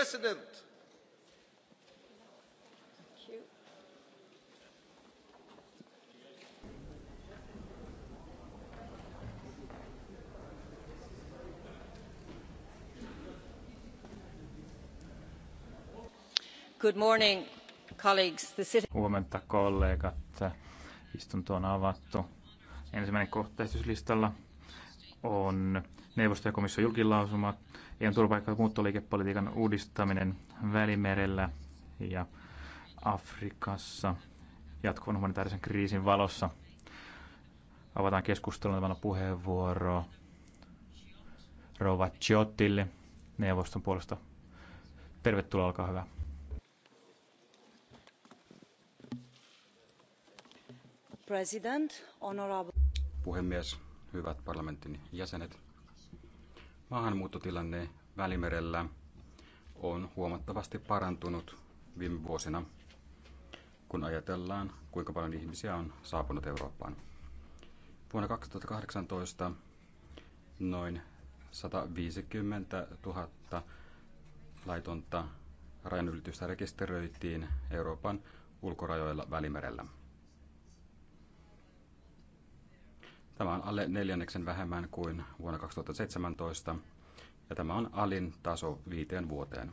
president huomenta kollegat istunto on avattu. ensimmäinen kohta esityslistalla on neuvoston ja komission julkilausumat EUn turvapaikka- ja muuttoliikepolitiikan uudistaminen Välimerellä ja Afrikassa jatkuvan humanitaarisen kriisin valossa. Avataan keskustelun tämän puheenvuoro Rova Ciottille neuvoston puolesta. Tervetuloa, olkaa hyvä. President, honorable... Puhemies, hyvät parlamentin jäsenet. Maahanmuuttotilanne Välimerellä on huomattavasti parantunut viime vuosina, kun ajatellaan, kuinka paljon ihmisiä on saapunut Eurooppaan. Vuonna 2018 noin 150 000 laitonta rajanylitystä rekisteröitiin Euroopan ulkorajoilla Välimerellä. Tämä on alle neljänneksen vähemmän kuin vuonna 2017, ja tämä on alin taso viiteen vuoteen.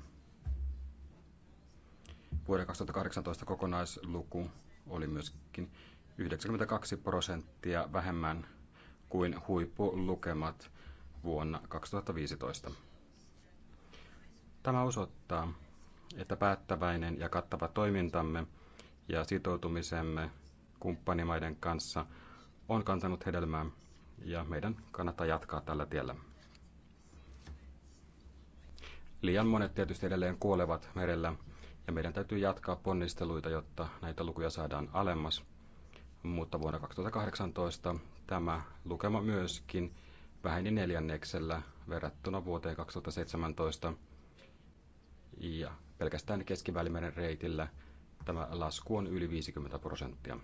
Vuoden 2018 kokonaisluku oli myöskin 92 prosenttia vähemmän kuin huippulukemat vuonna 2015. Tämä osoittaa, että päättäväinen ja kattava toimintamme ja sitoutumisemme kumppanimaiden kanssa on kantanut hedelmää ja meidän kannattaa jatkaa tällä tiellä. Liian monet tietysti edelleen kuolevat merellä ja meidän täytyy jatkaa ponnisteluita, jotta näitä lukuja saadaan alemmas. Mutta vuonna 2018 tämä lukema myöskin väheni neljänneksellä verrattuna vuoteen 2017. Ja pelkästään keskivälimeren reitillä tämä lasku on yli 50 prosenttia.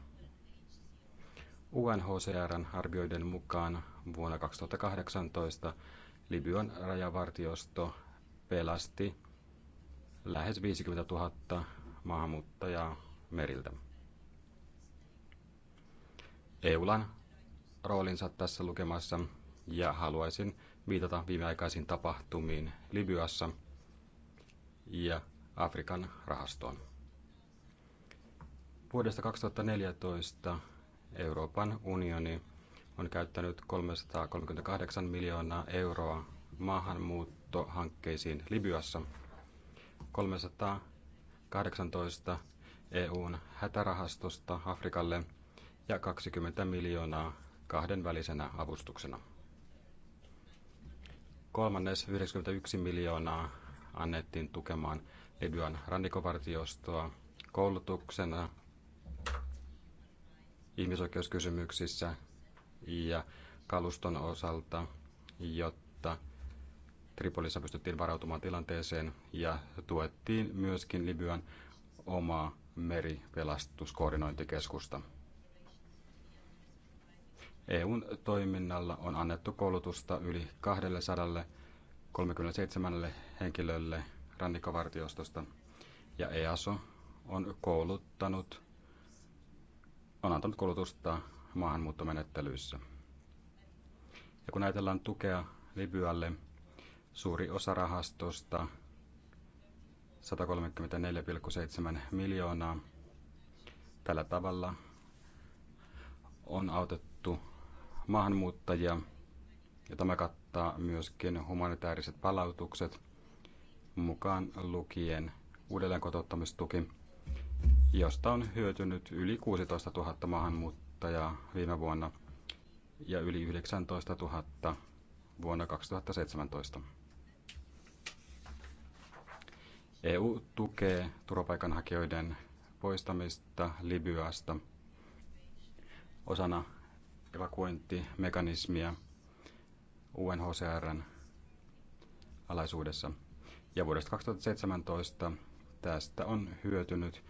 UNHCRn arvioiden mukaan vuonna 2018 Libyan rajavartiosto pelasti lähes 50 000 maahanmuuttajaa meriltä. EUlan roolinsa tässä lukemassa ja haluaisin viitata viimeaikaisiin tapahtumiin Libyassa ja Afrikan rahastoon. Vuodesta 2014 Euroopan unioni on käyttänyt 338 miljoonaa euroa maahanmuuttoon auttohankkeisiin Libyassa. 318 EUn hätärahastosta Afrikalle ja 20 miljoonaa kahdenvälisenä avustuksena. Kolmannes 91 miljoonaa annettiin tukemaan Libyan rannikovartiostoa koulutuksena ihmisoikeuskysymyksissä ja kaluston osalta, jotta Tripolissa pystyttiin varautumaan tilanteeseen ja tuettiin myöskin Libyan omaa meripelastuskoordinointikeskusta. EUn toiminnalla on annettu koulutusta yli 237 henkilölle rannikkovartiostosta ja EASO on kouluttanut on antanut koulutusta maahanmuuttomenettelyissä. Ja kun ajatellaan tukea Libyalle, Suuri osa rahastosta, 134,7 miljoonaa, tällä tavalla on autettu maahanmuuttajia, ja tämä kattaa myöskin humanitaariset palautukset, mukaan lukien uudelleenkotouttamistuki, josta on hyötynyt yli 16 000 maahanmuuttajaa viime vuonna ja yli 19 000 vuonna 2017. EU tukee turvapaikanhakijoiden poistamista Libyasta osana evakuointimekanismia UNHCRn alaisuudessa. Ja vuodesta 2017 tästä on hyötynyt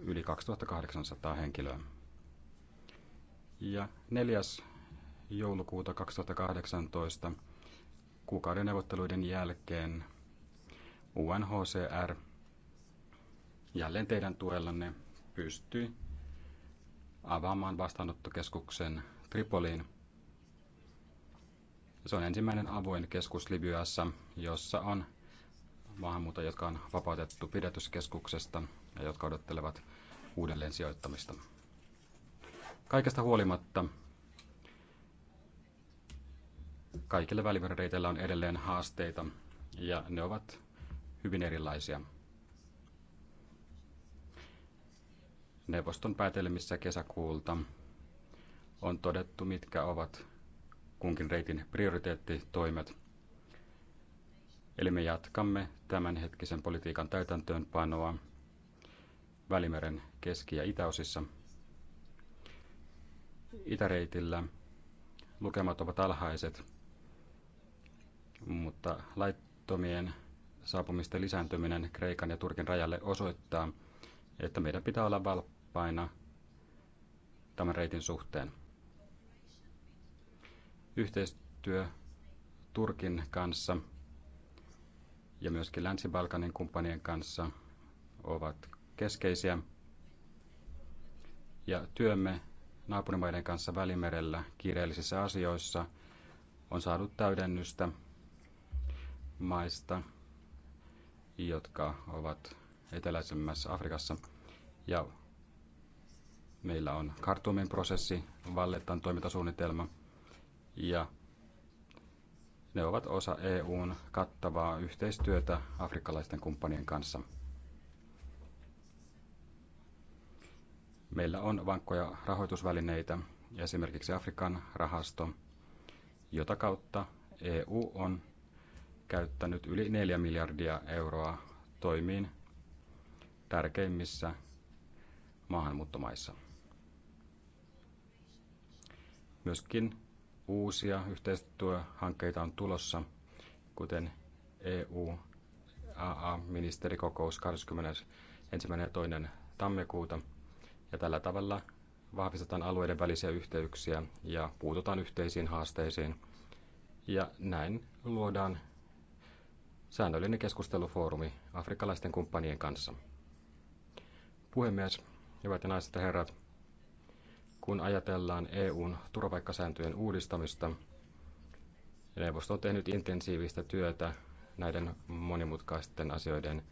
yli 2800 henkilöä. Ja 4. joulukuuta 2018 kuukauden neuvotteluiden jälkeen UNHCR jälleen teidän tuellanne pystyi avaamaan vastaanottokeskuksen Tripoliin. Se on ensimmäinen avoin keskus Libyassa, jossa on maahanmuuttajia, jotka on vapautettu pidätyskeskuksesta ja jotka odottelevat uudelleen sijoittamista. Kaikesta huolimatta kaikilla välimeren reiteillä on edelleen haasteita ja ne ovat hyvin erilaisia. Neuvoston päätelmissä kesäkuulta on todettu, mitkä ovat kunkin reitin prioriteettitoimet. Eli me jatkamme tämänhetkisen politiikan täytäntöönpanoa Välimeren keski- ja itäosissa. Itäreitillä lukemat ovat alhaiset, mutta laittomien saapumisten lisääntyminen Kreikan ja Turkin rajalle osoittaa, että meidän pitää olla valppaina tämän reitin suhteen. Yhteistyö Turkin kanssa ja myöskin Länsi-Balkanin kumppanien kanssa ovat keskeisiä. Ja työmme naapurimaiden kanssa Välimerellä kiireellisissä asioissa on saanut täydennystä maista, jotka ovat eteläisemmässä Afrikassa. Ja meillä on Kartumin prosessi, Vallettan toimintasuunnitelma ja ne ovat osa EUn kattavaa yhteistyötä afrikkalaisten kumppanien kanssa. Meillä on vankkoja rahoitusvälineitä, esimerkiksi Afrikan rahasto, jota kautta EU on käyttänyt yli 4 miljardia euroa toimiin tärkeimmissä maahanmuuttomaissa. Myöskin uusia yhteistyöhankkeita on tulossa, kuten EU AA-ministerikokous 21. ja 2. tammikuuta. Ja tällä tavalla vahvistetaan alueiden välisiä yhteyksiä ja puututaan yhteisiin haasteisiin. Ja näin luodaan säännöllinen keskustelufoorumi afrikkalaisten kumppanien kanssa. Puhemies, hyvät ja naiset ja herrat, kun ajatellaan EUn turvapaikkasääntöjen uudistamista, neuvosto on tehnyt intensiivistä työtä näiden monimutkaisten asioiden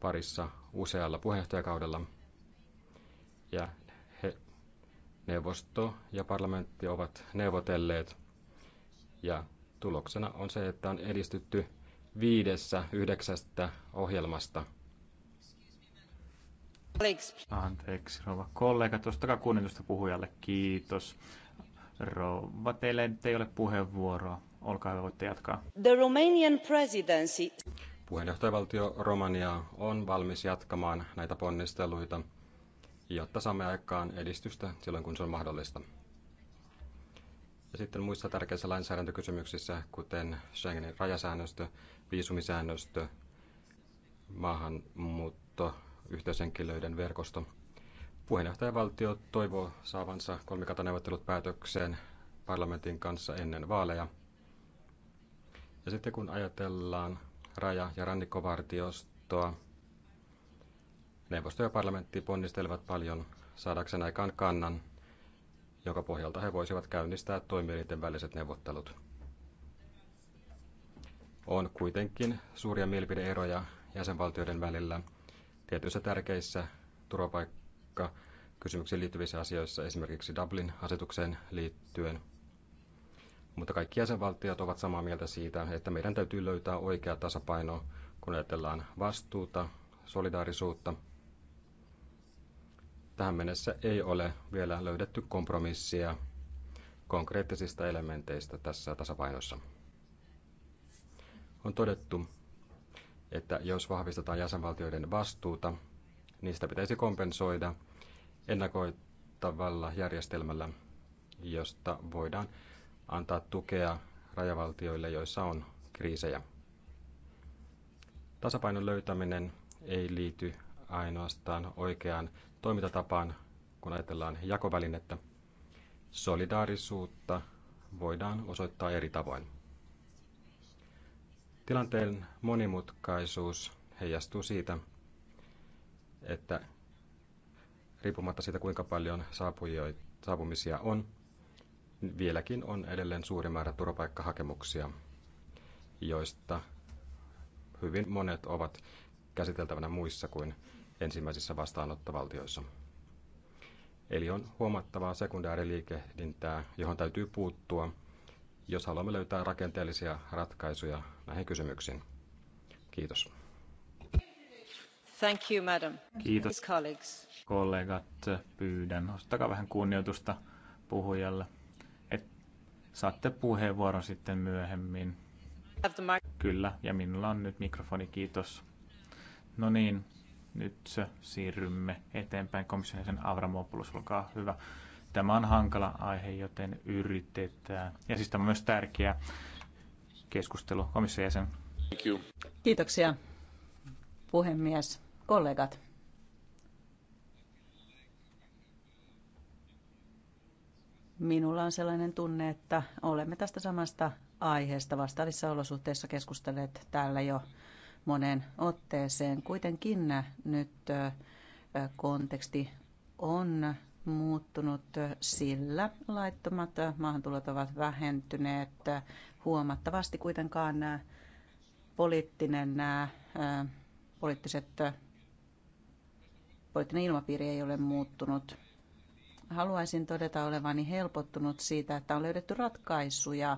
parissa usealla puheenjohtajakaudella. Ja he, neuvosto ja parlamentti ovat neuvotelleet ja tuloksena on se, että on edistytty viidessä yhdeksästä ohjelmasta. Anteeksi, rouva kollega, tuosta kuunnellusta puhujalle, kiitos. Rouva, teille nyt ei ole puheenvuoroa. Olkaa hyvä, voitte jatkaa. The Romanian presidency. Puheenjohtajavaltio Romania on valmis jatkamaan näitä ponnisteluita, jotta saamme aikaan edistystä silloin, kun se on mahdollista. Ja sitten muissa tärkeissä lainsäädäntökysymyksissä, kuten Schengenin rajasäännöstö viisumisäännöstö, maahanmuutto, yhteyshenkilöiden verkosto. Puheenjohtajavaltio toivoo saavansa kolmikantaneuvottelut päätökseen parlamentin kanssa ennen vaaleja. Ja sitten kun ajatellaan raja- ja rannikkovartiostoa, neuvosto ja parlamentti ponnistelevat paljon saadakseen aikaan kannan, jonka pohjalta he voisivat käynnistää toimielinten väliset neuvottelut on kuitenkin suuria mielipideeroja jäsenvaltioiden välillä tietyissä tärkeissä turvapaikka kysymyksiin liittyvissä asioissa, esimerkiksi Dublin-asetukseen liittyen. Mutta kaikki jäsenvaltiot ovat samaa mieltä siitä, että meidän täytyy löytää oikea tasapaino, kun ajatellaan vastuuta, solidaarisuutta. Tähän mennessä ei ole vielä löydetty kompromissia konkreettisista elementeistä tässä tasapainossa. On todettu, että jos vahvistetaan jäsenvaltioiden vastuuta, niistä pitäisi kompensoida ennakoitavalla järjestelmällä, josta voidaan antaa tukea rajavaltioille, joissa on kriisejä. Tasapainon löytäminen ei liity ainoastaan oikeaan toimintatapaan, kun ajatellaan jakovälinettä. Solidaarisuutta voidaan osoittaa eri tavoin. Tilanteen monimutkaisuus heijastuu siitä, että riippumatta siitä kuinka paljon saapumisia on, vieläkin on edelleen suuri määrä turvapaikkahakemuksia, joista hyvin monet ovat käsiteltävänä muissa kuin ensimmäisissä vastaanottovaltioissa. Eli on huomattavaa sekundääriliikehdintää, johon täytyy puuttua jos haluamme löytää rakenteellisia ratkaisuja näihin kysymyksiin. Kiitos. Thank you, madam. Kiitos. Colleagues. Kollegat, pyydän ostakaa vähän kunnioitusta puhujalle. Et saatte puheenvuoron sitten myöhemmin. Kyllä, ja minulla on nyt mikrofoni, kiitos. No niin, nyt siirrymme eteenpäin. Komission jäsen Avramopoulos, olkaa hyvä. Tämä on hankala aihe, joten yritetään. Ja siis tämä on myös tärkeä keskustelu komission jäsen. Kiitoksia puhemies, kollegat. Minulla on sellainen tunne, että olemme tästä samasta aiheesta vastaavissa olosuhteissa keskustelleet täällä jo moneen otteeseen. Kuitenkin nyt konteksti on muuttunut, sillä laittomat maahantulot ovat vähentyneet huomattavasti. Kuitenkaan poliittinen, poliittiset, poliittinen ilmapiiri ei ole muuttunut. Haluaisin todeta olevani helpottunut siitä, että on löydetty ratkaisuja,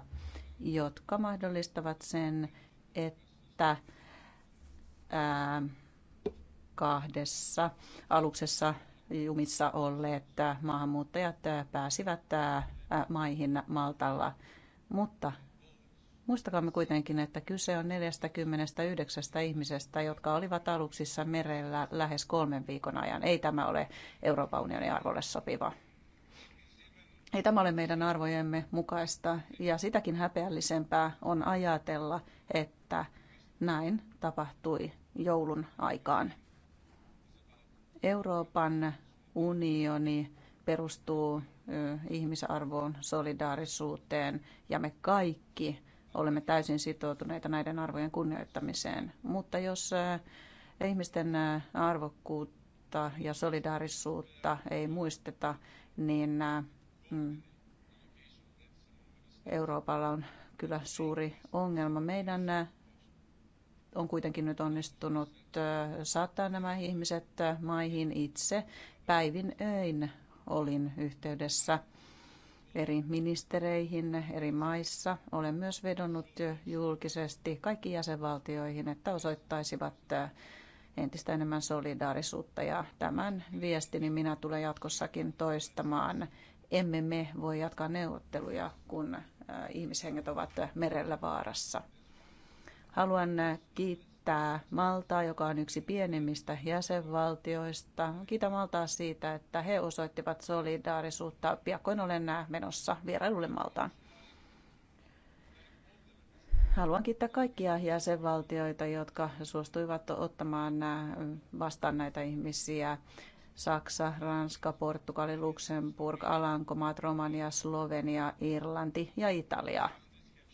jotka mahdollistavat sen, että kahdessa aluksessa jumissa olleet maahanmuuttajat äh, pääsivät äh, maihin Maltalla. Mutta muistakaamme kuitenkin, että kyse on 49 ihmisestä, jotka olivat aluksissa merellä lähes kolmen viikon ajan. Ei tämä ole Euroopan unionin arvolle sopiva. Ei tämä ole meidän arvojemme mukaista ja sitäkin häpeällisempää on ajatella, että näin tapahtui joulun aikaan. Euroopan unioni perustuu ihmisarvoon, solidaarisuuteen ja me kaikki olemme täysin sitoutuneita näiden arvojen kunnioittamiseen. Mutta jos ihmisten arvokkuutta ja solidaarisuutta ei muisteta, niin mm, Euroopalla on kyllä suuri ongelma. Meidän on kuitenkin nyt onnistunut saattaa nämä ihmiset maihin itse. Päivin öin olin yhteydessä eri ministereihin eri maissa. Olen myös vedonnut julkisesti kaikki jäsenvaltioihin, että osoittaisivat entistä enemmän solidaarisuutta ja tämän viestini minä tulen jatkossakin toistamaan. Emme me voi jatkaa neuvotteluja, kun ihmishenget ovat merellä vaarassa. Haluan kiittää kiittää Maltaa, joka on yksi pienimmistä jäsenvaltioista. Kiitä Maltaa siitä, että he osoittivat solidaarisuutta. Piakkoin olen menossa vierailulle Maltaan. Haluan kiittää kaikkia jäsenvaltioita, jotka suostuivat ottamaan vastaan näitä ihmisiä. Saksa, Ranska, Portugali, Luxemburg, Alankomaat, Romania, Slovenia, Irlanti ja Italia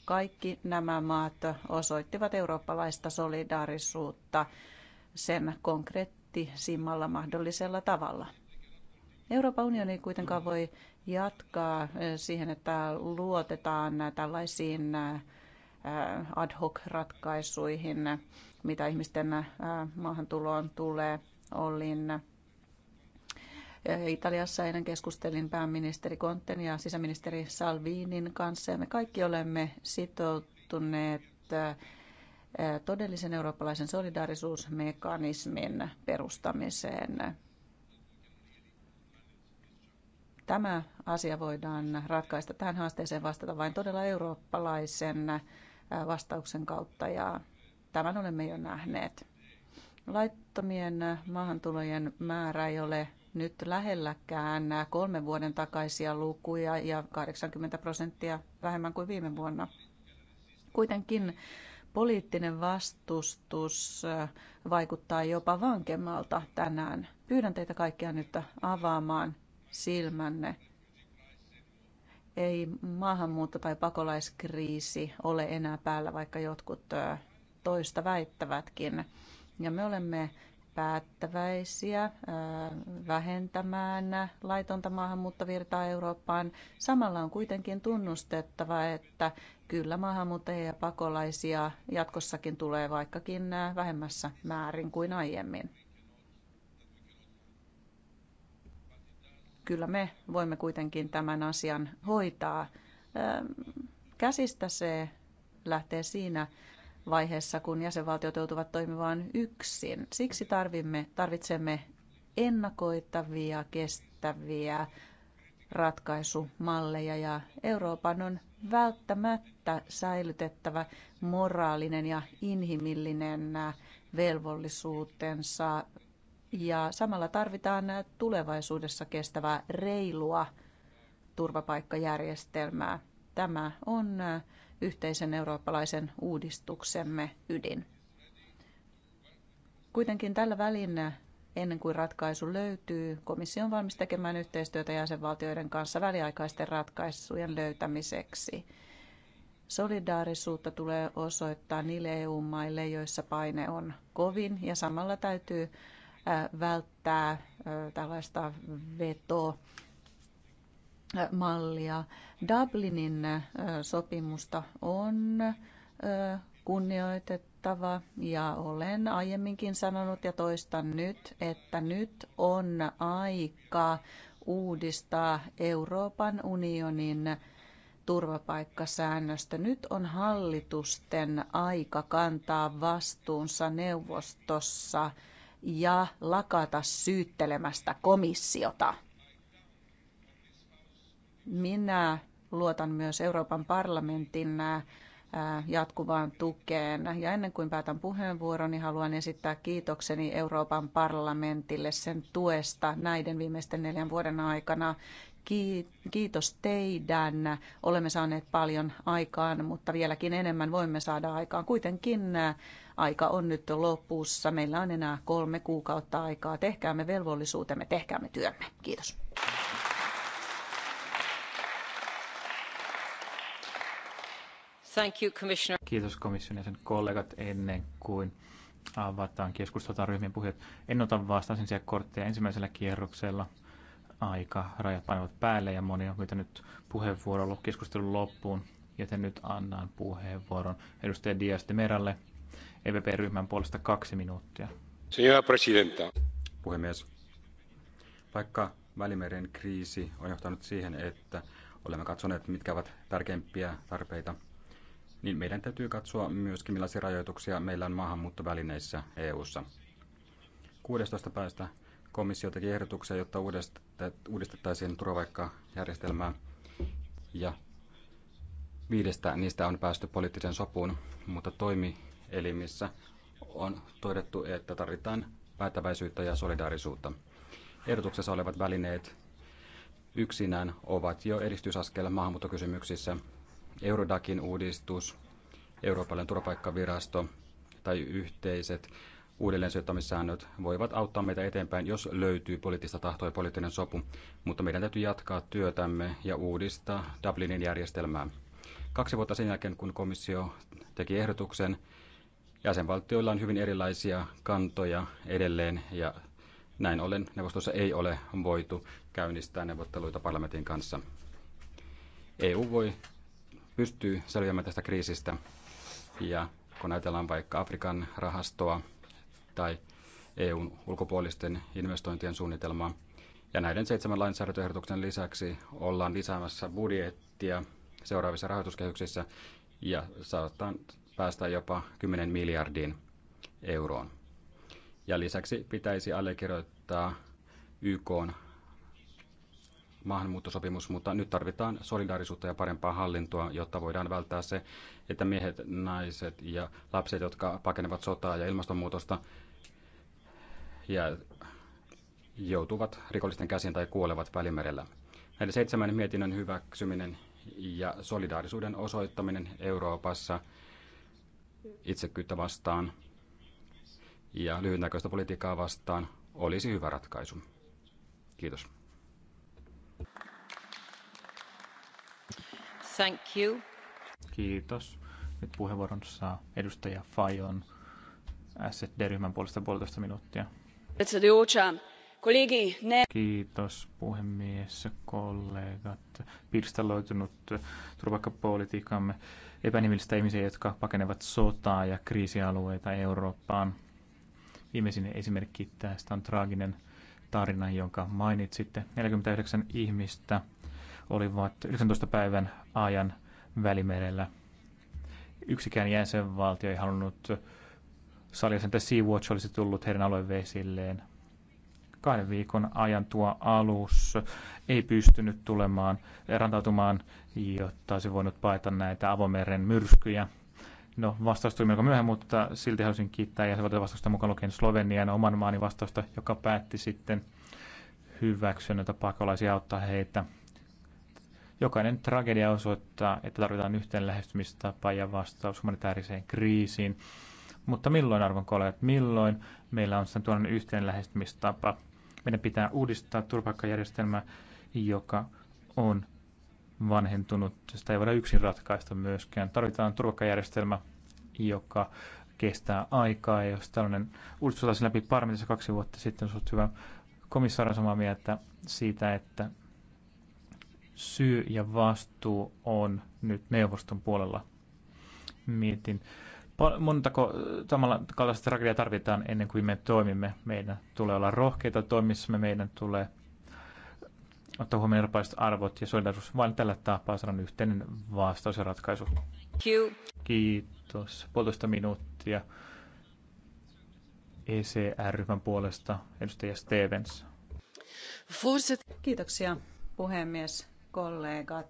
kaikki nämä maat osoittivat eurooppalaista solidaarisuutta sen konkreettisimmalla mahdollisella tavalla. Euroopan unioni ei kuitenkaan voi jatkaa siihen, että luotetaan tällaisiin ad hoc-ratkaisuihin, mitä ihmisten maahantuloon tulee. Olin Italiassa eilen keskustelin pääministeri Kontten ja sisäministeri Salvinin kanssa ja me kaikki olemme sitoutuneet äh, todellisen eurooppalaisen solidaarisuusmekanismin perustamiseen. Tämä asia voidaan ratkaista. Tähän haasteeseen vastata vain todella eurooppalaisen äh, vastauksen kautta ja tämän olemme jo nähneet. Laittomien maahantulojen määrä ei ole nyt lähelläkään nämä kolmen vuoden takaisia lukuja ja 80 prosenttia vähemmän kuin viime vuonna. Kuitenkin poliittinen vastustus äh, vaikuttaa jopa vankemmalta tänään. Pyydän teitä kaikkia nyt avaamaan silmänne. Ei maahanmuutto- tai pakolaiskriisi ole enää päällä, vaikka jotkut äh, toista väittävätkin. Ja me olemme päättäväisiä vähentämään laitonta maahanmuuttovirtaa Eurooppaan. Samalla on kuitenkin tunnustettava, että kyllä maahanmuuttajia ja pakolaisia jatkossakin tulee vaikkakin vähemmässä määrin kuin aiemmin. Kyllä me voimme kuitenkin tämän asian hoitaa. Käsistä se lähtee siinä, vaiheessa, kun jäsenvaltiot joutuvat toimimaan yksin. Siksi tarvimme, tarvitsemme ennakoitavia, kestäviä ratkaisumalleja ja Euroopan on välttämättä säilytettävä moraalinen ja inhimillinen velvollisuutensa ja samalla tarvitaan tulevaisuudessa kestävää reilua turvapaikkajärjestelmää. Tämä on yhteisen eurooppalaisen uudistuksemme ydin. Kuitenkin tällä välin ennen kuin ratkaisu löytyy, komissio on valmis tekemään yhteistyötä jäsenvaltioiden kanssa väliaikaisten ratkaisujen löytämiseksi. Solidaarisuutta tulee osoittaa niille EU-maille, joissa paine on kovin ja samalla täytyy välttää tällaista veto mallia. Dublinin sopimusta on kunnioitettava ja olen aiemminkin sanonut ja toistan nyt, että nyt on aika uudistaa Euroopan unionin turvapaikkasäännöstä. Nyt on hallitusten aika kantaa vastuunsa neuvostossa ja lakata syyttelemästä komissiota. Minä luotan myös Euroopan parlamentin äh, jatkuvaan tukeen. Ja ennen kuin päätän puheenvuoroni, haluan esittää kiitokseni Euroopan parlamentille sen tuesta näiden viimeisten neljän vuoden aikana. Kiitos teidän. Olemme saaneet paljon aikaan, mutta vieläkin enemmän voimme saada aikaan. Kuitenkin äh, aika on nyt lopussa. Meillä on enää kolme kuukautta aikaa. Tehkäämme velvollisuutemme, tehkäämme työmme. Kiitos. Thank you, Commissioner. Kiitos komission ja sen kollegat ennen kuin avataan ryhmien puheet. En ota vastaan sen kortteja ensimmäisellä kierroksella. Aika rajat painavat päälle ja moni on pyytänyt puheenvuoroa keskustelun loppuun, joten nyt annan puheenvuoron edustaja Dias de Meralle EVP-ryhmän puolesta kaksi minuuttia. Señora presidenta. Puhemies. Vaikka Välimeren kriisi on johtanut siihen, että olemme katsoneet, mitkä ovat tärkeimpiä tarpeita – niin meidän täytyy katsoa myöskin millaisia rajoituksia meillä on maahanmuuttovälineissä EU-ssa. 16. päästä komissio teki ehdotuksia, jotta uudistettaisiin turvapaikkajärjestelmää ja viidestä niistä on päästy poliittiseen sopuun, mutta toimielimissä on todettu, että tarvitaan päättäväisyyttä ja solidaarisuutta. Ehdotuksessa olevat välineet yksinään ovat jo edistysaskel maahanmuuttokysymyksissä Eurodakin uudistus, Euroopan turvapaikkavirasto tai yhteiset uudelleen voivat auttaa meitä eteenpäin, jos löytyy poliittista tahtoa ja poliittinen sopu, mutta meidän täytyy jatkaa työtämme ja uudistaa Dublinin järjestelmää. Kaksi vuotta sen jälkeen, kun komissio teki ehdotuksen, jäsenvaltioilla on hyvin erilaisia kantoja edelleen ja näin ollen neuvostossa ei ole voitu käynnistää neuvotteluita parlamentin kanssa. EU voi pystyy selviämään tästä kriisistä. Ja kun ajatellaan vaikka Afrikan rahastoa tai EUn ulkopuolisten investointien suunnitelmaa, ja näiden seitsemän lainsäädäntöehdotuksen lisäksi ollaan lisäämässä budjettia seuraavissa rahoituskehyksissä ja saattaa päästä jopa 10 miljardiin euroon. Ja lisäksi pitäisi allekirjoittaa YK maahanmuuttosopimus, mutta nyt tarvitaan solidaarisuutta ja parempaa hallintoa, jotta voidaan välttää se, että miehet, naiset ja lapset, jotka pakenevat sotaa ja ilmastonmuutosta, ja joutuvat rikollisten käsiin tai kuolevat välimerellä. Näiden seitsemän mietinnön hyväksyminen ja solidaarisuuden osoittaminen Euroopassa itsekyyttä vastaan ja lyhytnäköistä politiikkaa vastaan olisi hyvä ratkaisu. Kiitos. Thank you. Kiitos. Nyt puheenvuoron saa edustaja Fajon SD-ryhmän puolesta puolitoista minuuttia. Kiitos puhemies, kollegat. Pirstaloitunut turvapaikkapolitiikkamme epänimillistä ihmisiä, jotka pakenevat sotaa ja kriisialueita Eurooppaan. Viimeisin esimerkki tästä on traaginen tarina, jonka mainitsitte. 49 ihmistä olivat 19 päivän ajan välimerellä. Yksikään jäsenvaltio ei halunnut salia sen, että Sea-Watch olisi tullut heidän aluevesilleen. Kahden viikon ajan tuo alus ei pystynyt tulemaan, eh, rantautumaan, jotta olisi voinut paeta näitä avomeren myrskyjä. No, vastaus tuli melko myöhään, mutta silti haluaisin kiittää jäsenvaltioiden vastausta mukaan lukien Slovenian oman maani vastausta, joka päätti sitten hyväksyä näitä pakolaisia auttaa heitä Jokainen tragedia osoittaa, että tarvitaan yhteen lähestymistapa ja vastaus humanitaariseen kriisiin. Mutta milloin, arvon kollegat, milloin meillä on sen tuollainen yhteen lähestymistapa? Meidän pitää uudistaa turvapaikkajärjestelmä, joka on vanhentunut. Sitä ei voida yksin ratkaista myöskään. Tarvitaan turvapaikkajärjestelmä, joka kestää aikaa. Ja jos tällainen uudistus saataisiin läpi parlamentissa kaksi vuotta sitten, olisi hyvä komissaari samaa mieltä siitä, että syy ja vastuu on nyt neuvoston puolella. Mietin, montako äh, samalla kaltaista tragediaa tarvitaan ennen kuin me toimimme. Meidän tulee olla rohkeita toimissa, meidän tulee ottaa huomioon erilaiset arvot ja solidarisuus. Vain tällä tapaa saadaan yhteinen vastaus ja ratkaisu. Kiitos. Puolitoista minuuttia. ECR-ryhmän puolesta edustaja Stevens. Kiitoksia puhemies kollegat.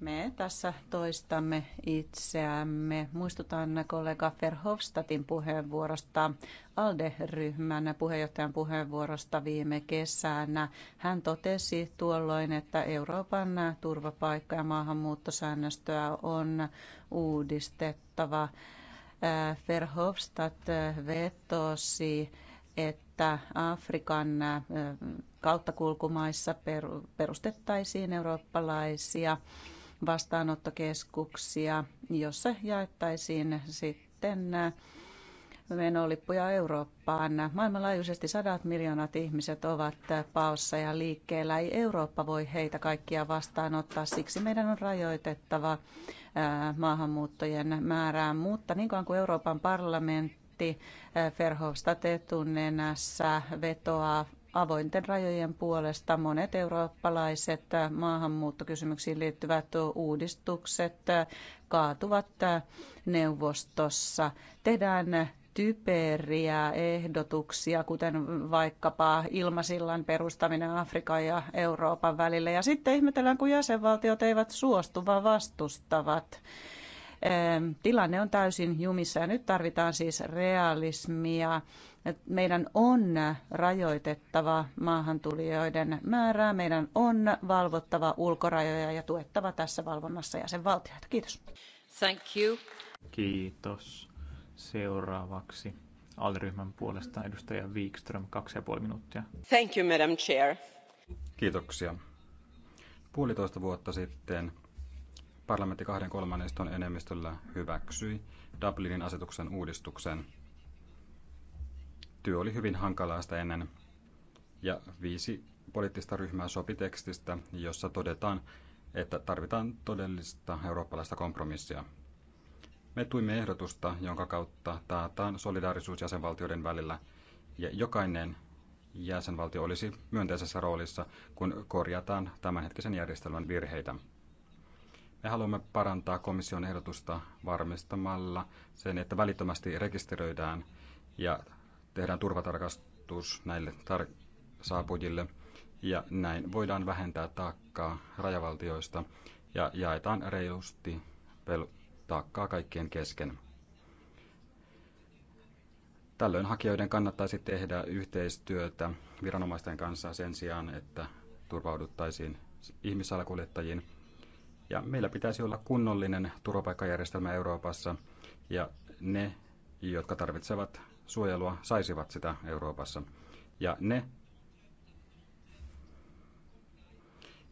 Me tässä toistamme itseämme. Muistutan kollega Verhofstadtin puheenvuorosta, ALDE-ryhmän puheenjohtajan puheenvuorosta viime kesänä. Hän totesi tuolloin, että Euroopan turvapaikka- ja maahanmuuttosäännöstöä on uudistettava. Verhofstadt vetosi, että Afrikan kauttakulkumaissa perustettaisiin eurooppalaisia vastaanottokeskuksia, jossa jaettaisiin sitten menolippuja Eurooppaan. Maailmanlaajuisesti sadat miljoonat ihmiset ovat paossa ja liikkeellä. Ei Eurooppa voi heitä kaikkia vastaanottaa, siksi meidän on rajoitettava maahanmuuttojen määrää. Mutta niin kauan kuin Euroopan parlamentti Verhofstadt etunenässä vetoaa avointen rajojen puolesta monet eurooppalaiset maahanmuuttokysymyksiin liittyvät uudistukset kaatuvat neuvostossa. Tehdään typeriä ehdotuksia, kuten vaikkapa ilmasillan perustaminen Afrikan ja Euroopan välille. Ja sitten ihmetellään, kun jäsenvaltiot eivät suostu, vaan vastustavat. Tilanne on täysin jumissa ja nyt tarvitaan siis realismia meidän on rajoitettava maahantulijoiden määrää, meidän on valvottava ulkorajoja ja tuettava tässä valvonnassa jäsenvaltioita. Kiitos. Thank you. Kiitos. Seuraavaksi aliryhmän puolesta edustaja Wikström, kaksi ja puoli minuuttia. Thank you, Madam Chair. Kiitoksia. Puolitoista vuotta sitten parlamentti kahden kolmanneston enemmistöllä hyväksyi Dublinin asetuksen uudistuksen – Työ oli hyvin hankalaa sitä ennen, ja viisi poliittista ryhmää sopi tekstistä, jossa todetaan, että tarvitaan todellista eurooppalaista kompromissia. Me tuimme ehdotusta, jonka kautta taataan solidaarisuus jäsenvaltioiden välillä, ja jokainen jäsenvaltio olisi myönteisessä roolissa, kun korjataan tämänhetkisen järjestelmän virheitä. Me haluamme parantaa komission ehdotusta varmistamalla sen, että välittömästi rekisteröidään ja tehdään turvatarkastus näille tar- saapujille ja näin voidaan vähentää taakkaa rajavaltioista ja jaetaan reilusti pel- taakkaa kaikkien kesken. Tällöin hakijoiden kannattaisi tehdä yhteistyötä viranomaisten kanssa sen sijaan, että turvauduttaisiin ihmissalakuljettajiin. Ja meillä pitäisi olla kunnollinen turvapaikkajärjestelmä Euroopassa ja ne, jotka tarvitsevat suojelua saisivat sitä Euroopassa. Ja ne,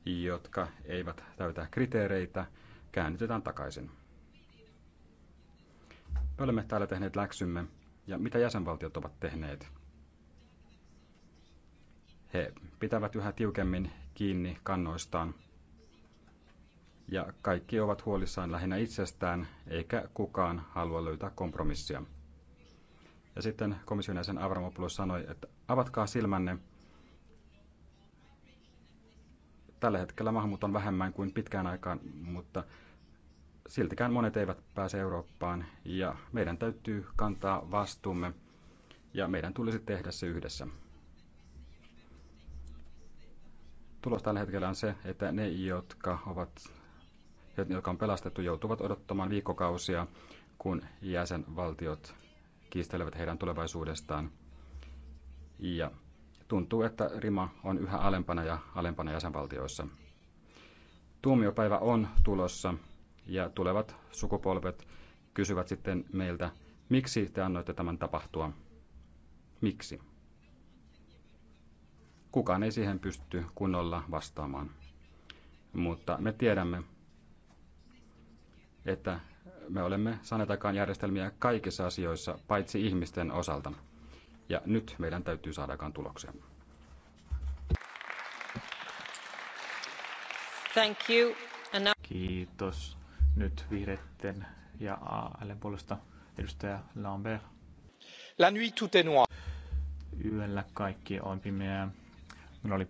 jotka eivät täytä kriteereitä, käännytetään takaisin. Me olemme täällä tehneet läksymme, ja mitä jäsenvaltiot ovat tehneet? He pitävät yhä tiukemmin kiinni kannoistaan, ja kaikki ovat huolissaan lähinnä itsestään, eikä kukaan halua löytää kompromissia. Ja sitten komission jäsen Avramopoulos sanoi, että avatkaa silmänne. Tällä hetkellä maahanmuut on vähemmän kuin pitkään aikaan, mutta siltikään monet eivät pääse Eurooppaan ja meidän täytyy kantaa vastuumme ja meidän tulisi tehdä se yhdessä. Tulos tällä hetkellä on se, että ne, jotka, ovat, jotka on pelastettu, joutuvat odottamaan viikkokausia, kun jäsenvaltiot kiistelevät heidän tulevaisuudestaan. Ja tuntuu, että rima on yhä alempana ja alempana jäsenvaltioissa. Tuomiopäivä on tulossa ja tulevat sukupolvet kysyvät sitten meiltä, miksi te annoitte tämän tapahtua? Miksi? Kukaan ei siihen pysty kunnolla vastaamaan. Mutta me tiedämme, että me olemme saaneet aikaan järjestelmiä kaikissa asioissa, paitsi ihmisten osalta. Ja nyt meidän täytyy saada aikaan tuloksia. Thank you. Now... Kiitos. Nyt vihreitten ja AL puolesta edustaja Lambert. La nuit tout est noir. Yöllä kaikki on pimeää. Minulla oli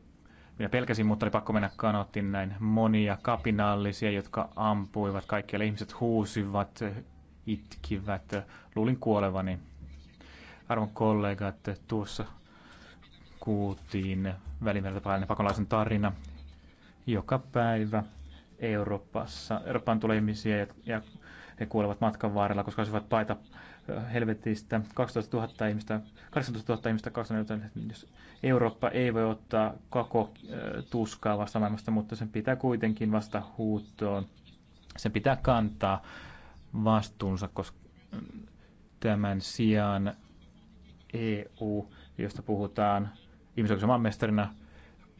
minä pelkäsin, mutta oli pakko mennä kanottiin näin monia kapinallisia, jotka ampuivat kaikkialle. Ihmiset huusivat, itkivät, luulin kuolevani. Arvon kollegat, tuossa kuultiin välimerta pakolaisen tarina. Joka päivä Euroopassa, Eurooppaan tulee ihmisiä ja, ja he kuolevat matkan varrella, koska olisivat paita Helvetistä 12 000 ihmistä, 18 000 ihmistä, 24 jos Eurooppa ei voi ottaa koko äh, tuskaa vasta maailmasta, mutta sen pitää kuitenkin vasta huutoon. Sen pitää kantaa vastuunsa, koska mm, tämän sijaan EU, josta puhutaan ihmisoikeuksien mestarina,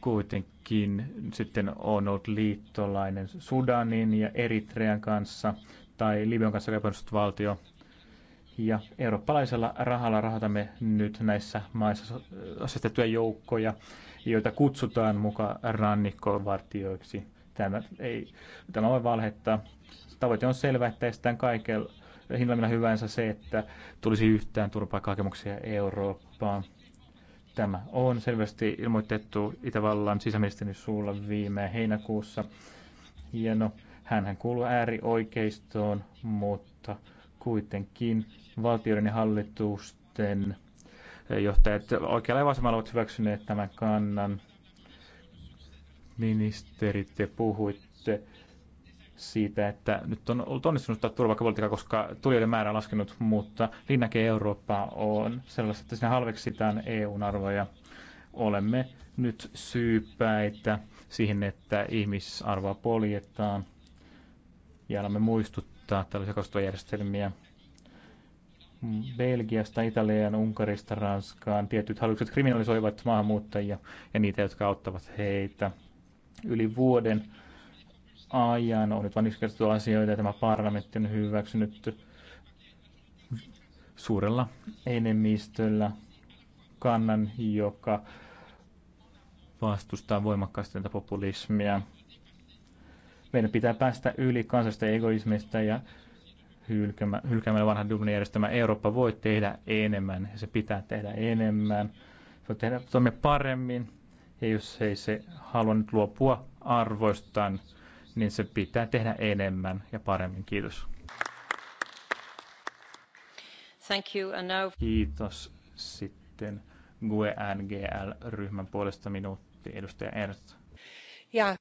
kuitenkin sitten on ollut liittolainen Sudanin ja Eritrean kanssa tai Libyan kanssa valtio, ja eurooppalaisella rahalla rahoitamme nyt näissä maissa asetettuja joukkoja, joita kutsutaan mukaan rannikkovartioiksi. Tämä, ei, tämä voi valhetta. Tavoite on selvä, että estetään kaikella hinnalla hyvänsä se, että tulisi yhtään turvapaikkahakemuksia Eurooppaan. Tämä on selvästi ilmoitettu Itävallan sisäministerin suulla viime heinäkuussa. Hieno, hänhän kuuluu äärioikeistoon, mutta kuitenkin valtioiden ja hallitusten johtajat oikealla ja vasemmalla ovat hyväksyneet tämän kannan. Ministerit, te puhuitte siitä, että nyt on ollut onnistunut turvapaikkapolitiikkaa, koska tulijoiden määrä on laskenut, mutta linnake Eurooppa on sellaista, että siinä halveksitaan EUn arvoja. Olemme nyt syypäitä siihen, että ihmisarvoa poljetaan ja olemme muistuttaneet ehdottaa tällaisia kostojärjestelmiä Belgiasta, Italiaan, Unkarista, Ranskaan tietyt hallitukset kriminalisoivat maahanmuuttajia ja niitä, jotka auttavat heitä. Yli vuoden ajan on nyt vain yksinkertaisesti asioita ja tämä parlamentti on hyväksynyt suurella enemmistöllä kannan, joka vastustaa voimakkaasti tätä populismia. Meidän pitää päästä yli kansallisesta egoismista ja hylkäämällä vanha Dublin järjestelmä Eurooppa voi tehdä enemmän ja se pitää tehdä enemmän. Se voi tehdä toimia paremmin ja jos ei se halua nyt luopua arvoistaan, niin se pitää tehdä enemmän ja paremmin. Kiitos. Thank you, and now... Kiitos. Sitten gue ryhmän puolesta minuutti, edustaja Ernst. Ja.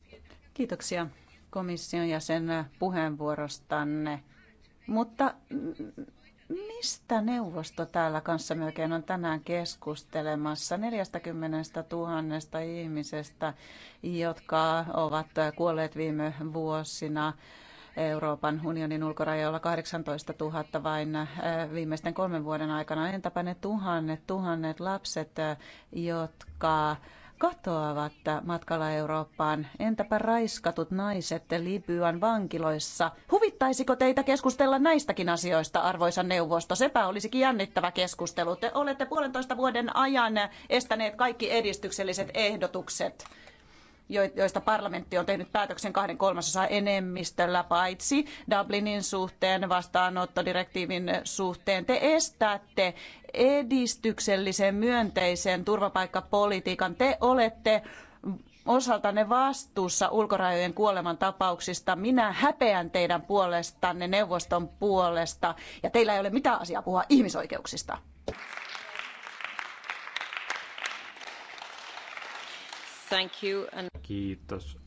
Kiitoksia komission jäsen puheenvuorostanne. Mutta mistä neuvosto täällä kanssamme oikein on tänään keskustelemassa? 40 000 ihmisestä, jotka ovat kuolleet viime vuosina. Euroopan unionin ulkorajoilla 18 000 vain äh, viimeisten kolmen vuoden aikana. Entäpä ne tuhannet, tuhannet lapset, äh, jotka katoavat matkalla Eurooppaan. Entäpä raiskatut naiset Libyan vankiloissa? Huvittaisiko teitä keskustella näistäkin asioista, arvoisa neuvosto? Sepä olisikin jännittävä keskustelu. Te olette puolentoista vuoden ajan estäneet kaikki edistykselliset ehdotukset joista parlamentti on tehnyt päätöksen kahden kolmasosan enemmistöllä, paitsi Dublinin suhteen, vastaanottodirektiivin suhteen. Te estätte edistyksellisen myönteisen turvapaikkapolitiikan. Te olette osaltanne vastuussa ulkorajojen kuoleman tapauksista. Minä häpeän teidän puolestanne, neuvoston puolesta, ja teillä ei ole mitään asiaa puhua ihmisoikeuksista. Thank you. And... Kiitos.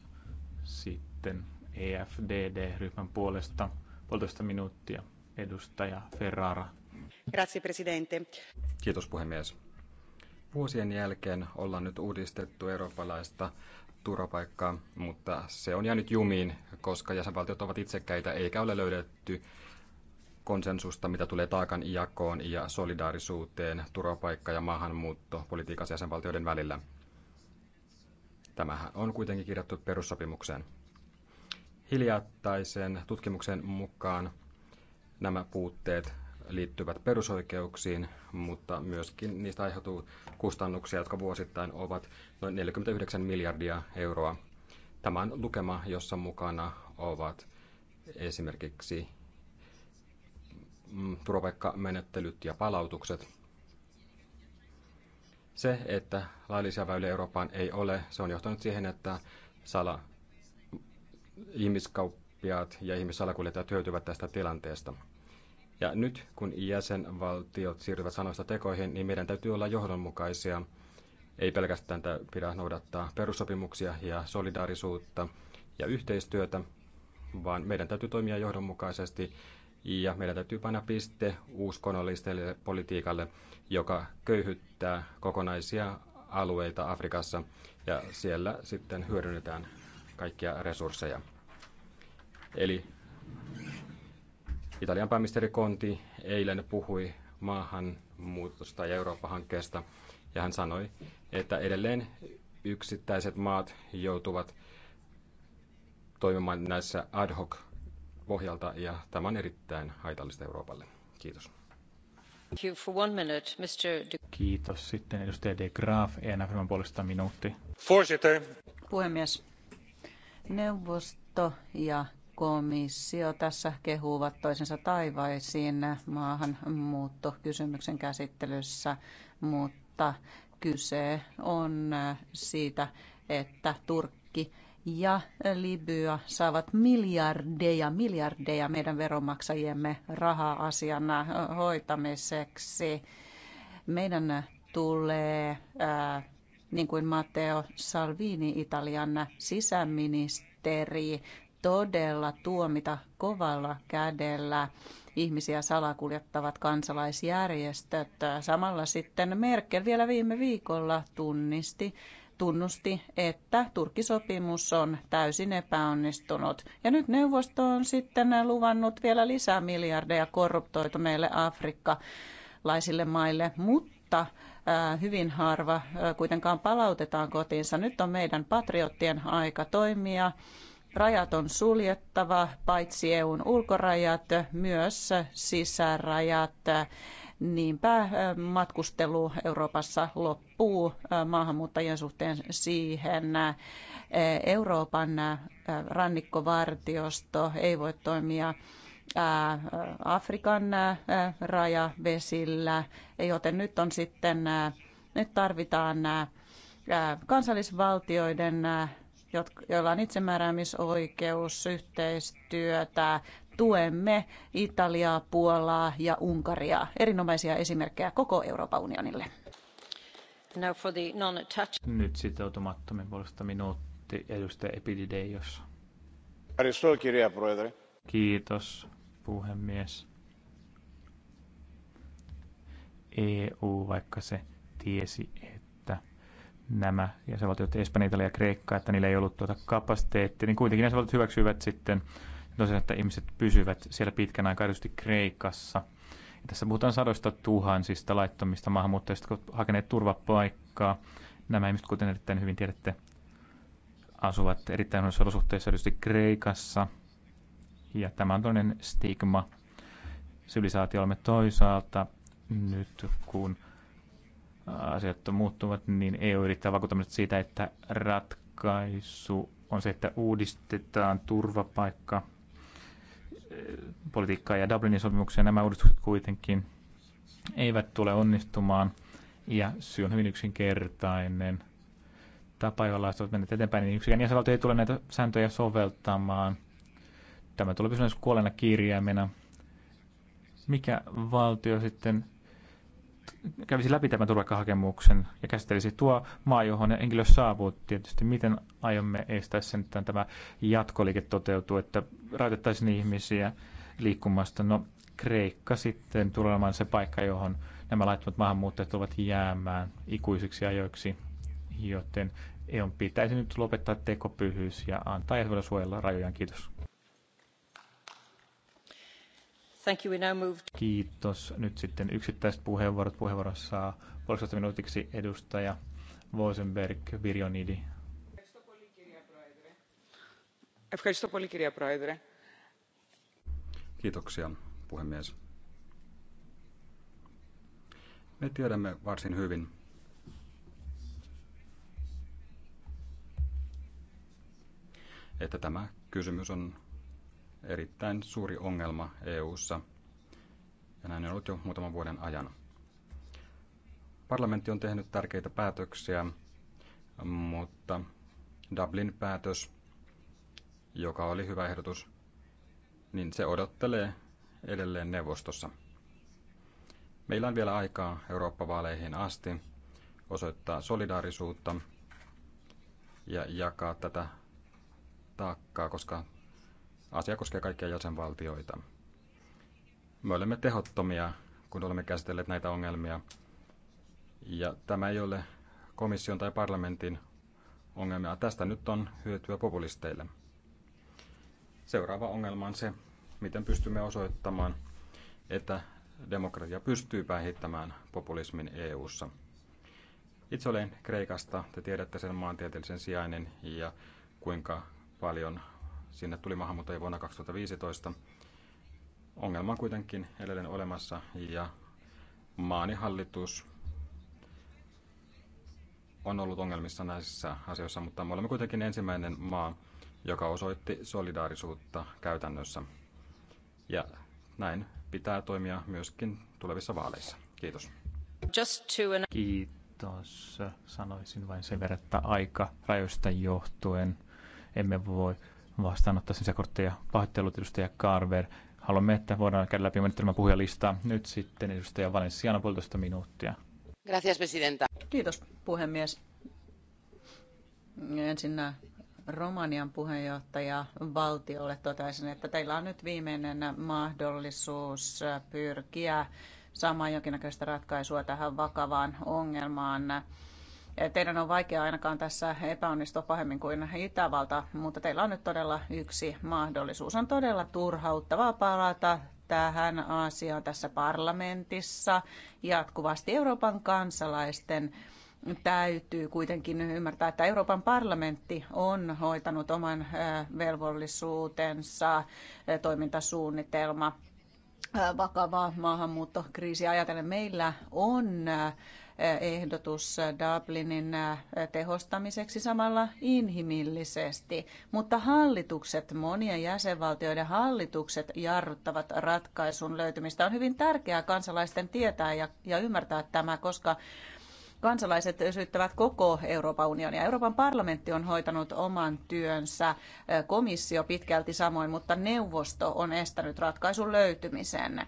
Sitten EFDD-ryhmän puolesta puolitoista minuuttia edustaja Ferrara. Grazie, presidente. Kiitos puhemies. Vuosien jälkeen ollaan nyt uudistettu eurooppalaista turvapaikkaa, mutta se on jäänyt jumiin, koska jäsenvaltiot ovat itsekkäitä eikä ole löydetty konsensusta, mitä tulee taakan jakoon ja solidaarisuuteen turvapaikka- ja maahanmuuttopolitiikassa jäsenvaltioiden välillä. Tämähän on kuitenkin kirjattu perussopimukseen. Hiljattaisen tutkimuksen mukaan nämä puutteet liittyvät perusoikeuksiin, mutta myöskin niistä aiheutuu kustannuksia, jotka vuosittain ovat noin 49 miljardia euroa. Tämä on lukema, jossa mukana ovat esimerkiksi mm, turvapaikkamenettelyt ja palautukset. Se, että laillisia väyliä Eurooppaan ei ole, se on johtanut siihen, että sala, ihmiskauppiaat ja ihmissalakuljettajat hyötyvät tästä tilanteesta. Ja nyt, kun jäsenvaltiot siirtyvät sanoista tekoihin, niin meidän täytyy olla johdonmukaisia. Ei pelkästään pidä noudattaa perussopimuksia ja solidaarisuutta ja yhteistyötä, vaan meidän täytyy toimia johdonmukaisesti ja meidän täytyy panna piste uskonnolliselle politiikalle, joka köyhyttää kokonaisia alueita Afrikassa ja siellä sitten hyödynnetään kaikkia resursseja. Eli Italian pääministeri Conti eilen puhui maahanmuutosta ja Eurooppa-hankkeesta ja hän sanoi, että edelleen yksittäiset maat joutuvat toimimaan näissä ad hoc pohjalta ja tämä on erittäin haitallista Euroopalle. Kiitos. Kiitos. Sitten edustaja De Graaf, ENFM puolesta minuutti. Puhemies. Neuvosto ja komissio tässä kehuvat toisensa taivaisiin maahanmuuttokysymyksen käsittelyssä, mutta kyse on äh, siitä, että Turkki ja Libya saavat miljardeja, miljardeja meidän veromaksajiemme rahaa asian hoitamiseksi. Meidän tulee, äh, niin kuin Matteo Salvini, Italian sisäministeri, todella tuomita kovalla kädellä ihmisiä salakuljettavat kansalaisjärjestöt. Samalla sitten Merkel vielä viime viikolla tunnisti, tunnusti, että Turkkisopimus on täysin epäonnistunut. Ja nyt neuvosto on sitten luvannut vielä lisää miljardeja korruptoituneille afrikkalaisille maille, mutta hyvin harva kuitenkaan palautetaan kotiinsa. Nyt on meidän patriottien aika toimia. Rajat on suljettava, paitsi EUn ulkorajat, myös sisärajat niinpä matkustelu Euroopassa loppuu maahanmuuttajien suhteen siihen. Euroopan rannikkovartiosto ei voi toimia Afrikan rajavesillä, joten nyt on sitten, nyt tarvitaan kansallisvaltioiden joilla on itsemääräämisoikeus, yhteistyötä, tuemme Italiaa, Puolaa ja Unkaria. Erinomaisia esimerkkejä koko Euroopan unionille. Nyt sitoutumattomin puolesta minuutti edustaja Epidideios. Kiitos, puhemies. EU, vaikka se tiesi, että nämä jäsenvaltiot, Espanja, Italia ja Kreikka, että niillä ei ollut tuota kapasiteettia, niin kuitenkin jäsenvaltiot hyväksyivät sitten tosiaan, että ihmiset pysyvät siellä pitkän aikaa erityisesti Kreikassa. Ja tässä puhutaan sadoista tuhansista laittomista maahanmuuttajista, jotka ovat hakeneet turvapaikkaa. Nämä ihmiset, kuten erittäin hyvin tiedätte, asuvat erittäin huonoissa olosuhteissa erityisesti Kreikassa. Ja tämä on toinen stigma sivilisaatiollamme toisaalta. Nyt kun asiat muuttuvat, niin EU yrittää vakuuttaa siitä, että ratkaisu on se, että uudistetaan turvapaikka politiikkaa ja Dublinin sopimuksia. Nämä uudistukset kuitenkin eivät tule onnistumaan ja syy on hyvin yksinkertainen tapa, jolla ovat menneet eteenpäin, niin yksikään jäsenvaltio ei tule näitä sääntöjä soveltamaan. Tämä tulee pysymään kuolleena kirjaimena. Mikä valtio sitten kävisi läpi tämän turvapaikkahakemuksen ja käsittelisi tuo maa, johon henkilö saapuu tietysti. Miten aiomme estää sen, että tämä jatkoliike toteutuu, että rajoitettaisiin ihmisiä liikkumasta? No, Kreikka sitten tulee olemaan se paikka, johon nämä laittomat maahanmuuttajat ovat jäämään ikuisiksi ajoiksi, joten EU pitäisi nyt lopettaa tekopyhyys ja antaa jäsenvaltioille suojella rajojaan. Kiitos. Thank you. We now move... Kiitos. Nyt sitten yksittäiset puheenvuorot. Puheenvuorossa puolitoista minuutiksi edustaja Vosenberg Virjonidi. Kiitoksia, puhemies. Me tiedämme varsin hyvin, että tämä kysymys on erittäin suuri ongelma EU:ssa ja näin on ollut jo muutaman vuoden ajan. Parlamentti on tehnyt tärkeitä päätöksiä, mutta Dublin-päätös, joka oli hyvä ehdotus, niin se odottelee edelleen neuvostossa. Meillä on vielä aikaa Eurooppa-vaaleihin asti osoittaa solidaarisuutta ja jakaa tätä taakkaa, koska Asia koskee kaikkia jäsenvaltioita. Me olemme tehottomia, kun olemme käsitelleet näitä ongelmia. Ja tämä ei ole komission tai parlamentin ongelmia. Tästä nyt on hyötyä populisteille. Seuraava ongelma on se, miten pystymme osoittamaan, että demokratia pystyy päihittämään populismin EU:ssa. Itse olen Kreikasta, te tiedätte sen maantieteellisen sijainnin ja kuinka paljon Sinne tuli maahanmuuttajia vuonna 2015. Ongelma on kuitenkin edelleen olemassa ja maanihallitus on ollut ongelmissa näissä asioissa, mutta me olemme kuitenkin ensimmäinen maa, joka osoitti solidaarisuutta käytännössä. Ja näin pitää toimia myöskin tulevissa vaaleissa. Kiitos. Just to... Kiitos. Sanoisin vain sen verran, että aika rajoista johtuen emme voi se kortti ja Pahoittelut edustaja Carver. Haluamme, että voidaan käydä läpi menettelmän puhujalistaa. Nyt sitten edustaja Valenciano puolitoista minuuttia. Gracias, presidenta. Kiitos, puhemies. Ensinnä äh, Romanian puheenjohtaja valtiolle totesin, että teillä on nyt viimeinen mahdollisuus äh, pyrkiä saamaan jonkinnäköistä ratkaisua tähän vakavaan ongelmaan. Teidän on vaikea ainakaan tässä epäonnistua pahemmin kuin Itävalta, mutta teillä on nyt todella yksi mahdollisuus. On todella turhauttavaa palata tähän asiaan tässä parlamentissa. Jatkuvasti Euroopan kansalaisten täytyy kuitenkin ymmärtää, että Euroopan parlamentti on hoitanut oman velvollisuutensa toimintasuunnitelma vakavaa maahanmuuttokriisiä ajatellen. Meillä on ehdotus Dublinin tehostamiseksi samalla inhimillisesti, mutta hallitukset, monien jäsenvaltioiden hallitukset jarruttavat ratkaisun löytymistä. On hyvin tärkeää kansalaisten tietää ja, ja ymmärtää tämä, koska kansalaiset syyttävät koko Euroopan unionia. Euroopan parlamentti on hoitanut oman työnsä, komissio pitkälti samoin, mutta neuvosto on estänyt ratkaisun löytymisen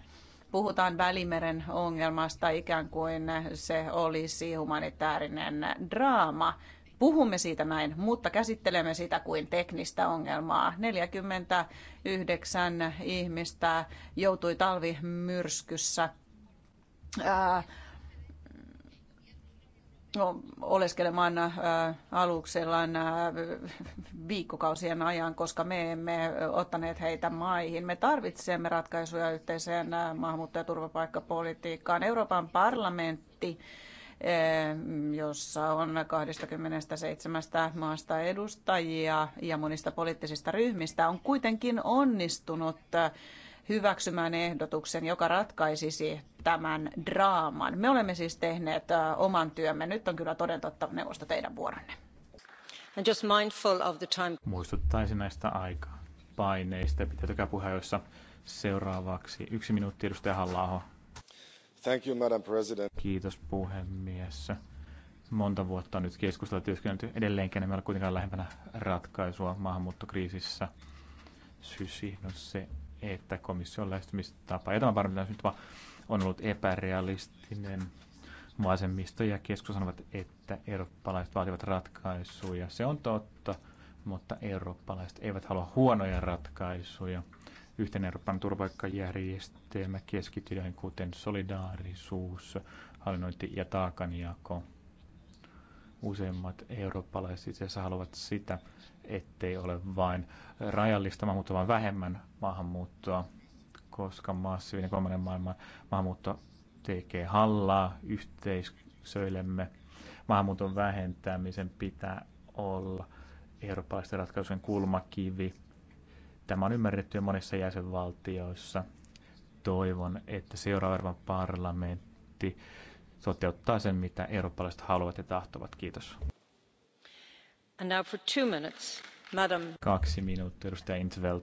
puhutaan Välimeren ongelmasta ikään kuin se olisi humanitaarinen draama. Puhumme siitä näin, mutta käsittelemme sitä kuin teknistä ongelmaa. 49 ihmistä joutui talvimyrskyssä ää, oleskelemaan äh, aluksellaan äh, viikkokausien ajan, koska me emme ottaneet heitä maihin. Me tarvitsemme ratkaisuja yhteiseen äh, maahanmuutto- ja turvapaikkapolitiikkaan. Euroopan parlamentti jossa on 27 maasta edustajia ja monista poliittisista ryhmistä, on kuitenkin onnistunut hyväksymään ehdotuksen, joka ratkaisisi tämän draaman. Me olemme siis tehneet oman työmme. Nyt on kyllä toden totta neuvosto teidän vuoronne. And just mindful of the time. Muistuttaisin näistä aikaa paineista. Pitäytykää puheenjoissa seuraavaksi. Yksi minuutti, edustaja halla Thank you, Madam President. Kiitos puhemies. Monta vuotta on nyt keskustella työskennelty edelleenkin, emme ole kuitenkaan lähempänä ratkaisua maahanmuuttokriisissä. Sysi, no se että komission lähestymistapa, ja tämä varmistava on ollut epärealistinen. Vasemmisto ja keskus sanovat, että eurooppalaiset vaativat ratkaisuja. Se on totta, mutta eurooppalaiset eivät halua huonoja ratkaisuja. Yhteen Euroopan turvapaikkajärjestelmä keskitytään kuten solidaarisuus, hallinnointi ja taakanjako. Useimmat eurooppalaiset itse asiassa haluavat sitä, ettei ole vain rajallista maahanmuuttoa, vaan vähemmän maahanmuuttoa, koska massiivinen kolmannen maailman maahanmuutto tekee hallaa yhteisöillemme. Maahanmuuton vähentämisen pitää olla eurooppalaisten ratkaisujen kulmakivi. Tämä on ymmärretty jo monissa jäsenvaltioissa. Toivon, että seuraava Euroopan parlamentti toteuttaa sen, mitä eurooppalaiset haluavat ja tahtovat. Kiitos. Kaksi minuuttia, edustaja Intveld.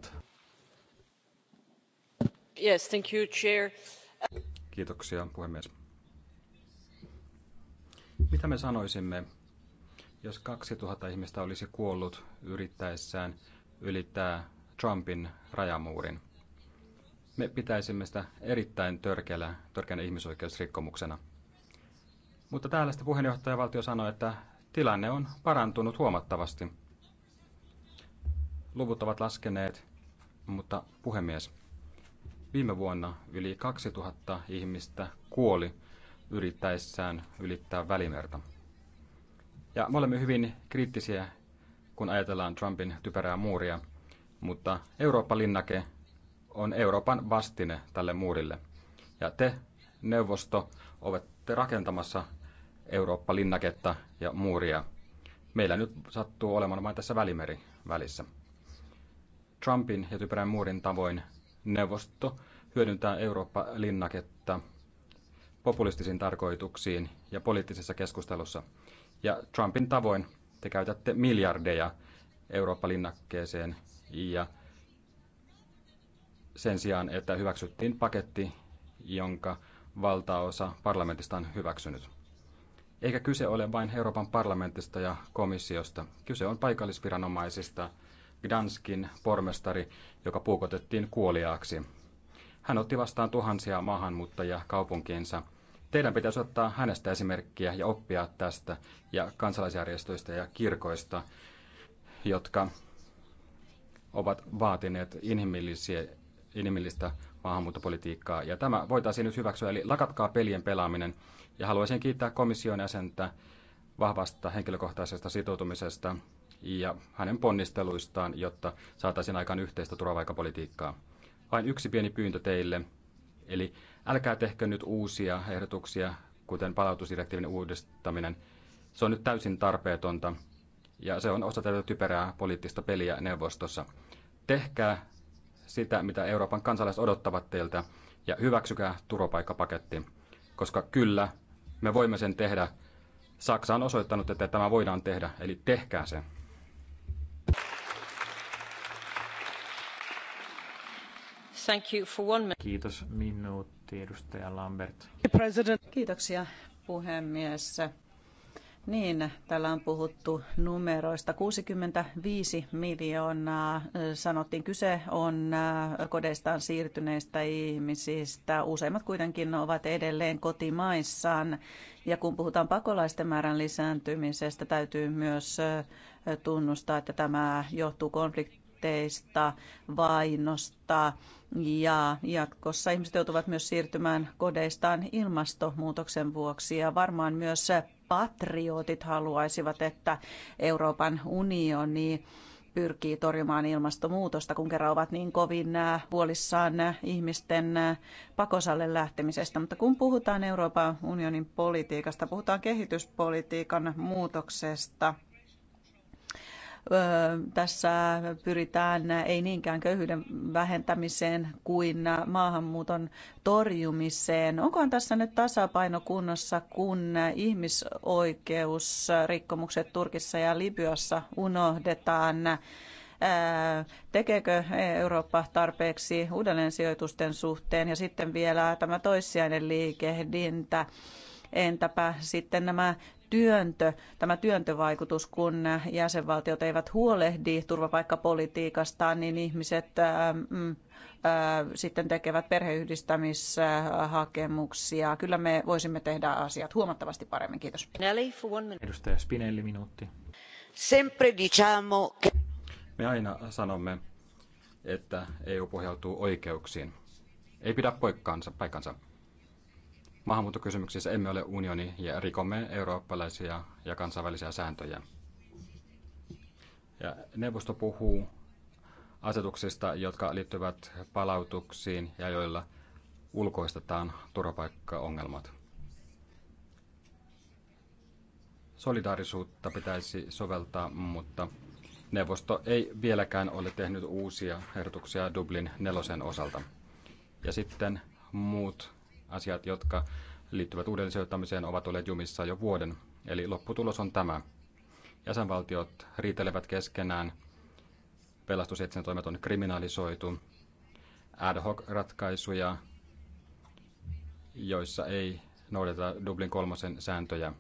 Kiitoksia, puhemies. Mitä me sanoisimme, jos 2000 ihmistä olisi kuollut yrittäessään ylittää Trumpin rajamuurin? Me pitäisimme sitä erittäin törkeänä ihmisoikeusrikkomuksena. Mutta täällä sitten puheenjohtajavaltio sanoi, että tilanne on parantunut huomattavasti. Luvut ovat laskeneet, mutta puhemies, viime vuonna yli 2000 ihmistä kuoli yrittäessään ylittää välimerta. Ja me olemme hyvin kriittisiä, kun ajatellaan Trumpin typerää muuria, mutta Eurooppa-linnake on Euroopan vastine tälle muurille. Ja te, neuvosto, olette rakentamassa Eurooppa-linnaketta ja muuria. Meillä nyt sattuu olemaan vain tässä välimeri välissä. Trumpin ja typerän muurin tavoin neuvosto hyödyntää Eurooppa-linnaketta populistisiin tarkoituksiin ja poliittisessa keskustelussa. Ja Trumpin tavoin te käytätte miljardeja Eurooppa-linnakkeeseen ja sen sijaan, että hyväksyttiin paketti, jonka valtaosa parlamentista on hyväksynyt. Eikä kyse ole vain Euroopan parlamentista ja komissiosta. Kyse on paikallisviranomaisista. Gdanskin pormestari, joka puukotettiin kuoliaaksi. Hän otti vastaan tuhansia maahanmuuttajia kaupunkiinsa. Teidän pitäisi ottaa hänestä esimerkkiä ja oppia tästä ja kansalaisjärjestöistä ja kirkoista, jotka ovat vaatineet inhimillisiä inhimillistä maahanmuuttopolitiikkaa. Ja tämä voitaisiin nyt hyväksyä, eli lakatkaa pelien pelaaminen. Ja haluaisin kiittää komission jäsentä vahvasta henkilökohtaisesta sitoutumisesta ja hänen ponnisteluistaan, jotta saataisiin aikaan yhteistä turvapaikapolitiikkaa. Vain yksi pieni pyyntö teille, eli älkää tehkö nyt uusia ehdotuksia, kuten palautusdirektiivin uudistaminen. Se on nyt täysin tarpeetonta ja se on osa tätä typerää poliittista peliä neuvostossa. Tehkää sitä, mitä Euroopan kansalaiset odottavat teiltä, ja hyväksykää turvapaikkapaketti, koska kyllä, me voimme sen tehdä. Saksa on osoittanut, että tämä voidaan tehdä, eli tehkää se. Thank you for one Kiitos minuutti, edustaja Lambert. President. Kiitoksia puhemies. Niin, täällä on puhuttu numeroista. 65 miljoonaa sanottiin. Kyse on kodeistaan siirtyneistä ihmisistä. Useimmat kuitenkin ovat edelleen kotimaissaan. Ja kun puhutaan pakolaisten määrän lisääntymisestä, täytyy myös tunnustaa, että tämä johtuu konflikti pakotteista, vainosta ja jatkossa ihmiset joutuvat myös siirtymään kodeistaan ilmastonmuutoksen vuoksi ja varmaan myös patriotit haluaisivat, että Euroopan unioni pyrkii torjumaan ilmastonmuutosta, kun kerran ovat niin kovin äh, huolissaan äh, ihmisten äh, pakosalle lähtemisestä. Mutta kun puhutaan Euroopan unionin politiikasta, puhutaan kehityspolitiikan muutoksesta – tässä pyritään ei niinkään köyhyyden vähentämiseen kuin maahanmuuton torjumiseen. Onkohan tässä nyt tasapaino kunnossa, kun ihmisoikeusrikkomukset Turkissa ja Libyassa unohdetaan? Tekeekö Eurooppa tarpeeksi uudelleen sijoitusten suhteen ja sitten vielä tämä toissijainen liikehdintä? Entäpä sitten nämä työntö, tämä työntövaikutus, kun jäsenvaltiot eivät huolehdi turvapaikkapolitiikastaan, niin ihmiset ää, äh, mm, ää, äh, sitten tekevät perheyhdistämishakemuksia. Kyllä me voisimme tehdä asiat huomattavasti paremmin. Kiitos. Edustaja Spinelli, minuutti. Sempre diciamo che... Me aina sanomme, että EU pohjautuu oikeuksiin. Ei pidä poikkaansa, paikkansa. Maahanmuuttokysymyksissä emme ole unioni ja rikomme eurooppalaisia ja kansainvälisiä sääntöjä. Ja neuvosto puhuu asetuksista, jotka liittyvät palautuksiin ja joilla ulkoistetaan turvapaikkaongelmat. Solidaarisuutta pitäisi soveltaa, mutta neuvosto ei vieläkään ole tehnyt uusia ehdotuksia Dublin nelosen osalta. Ja sitten muut asiat, jotka liittyvät uudelleen ovat olleet jumissa jo vuoden. Eli lopputulos on tämä. Jäsenvaltiot riitelevät keskenään, pelastusetsintä toimet on kriminalisoitu, ad hoc-ratkaisuja, joissa ei noudata Dublin kolmosen sääntöjä.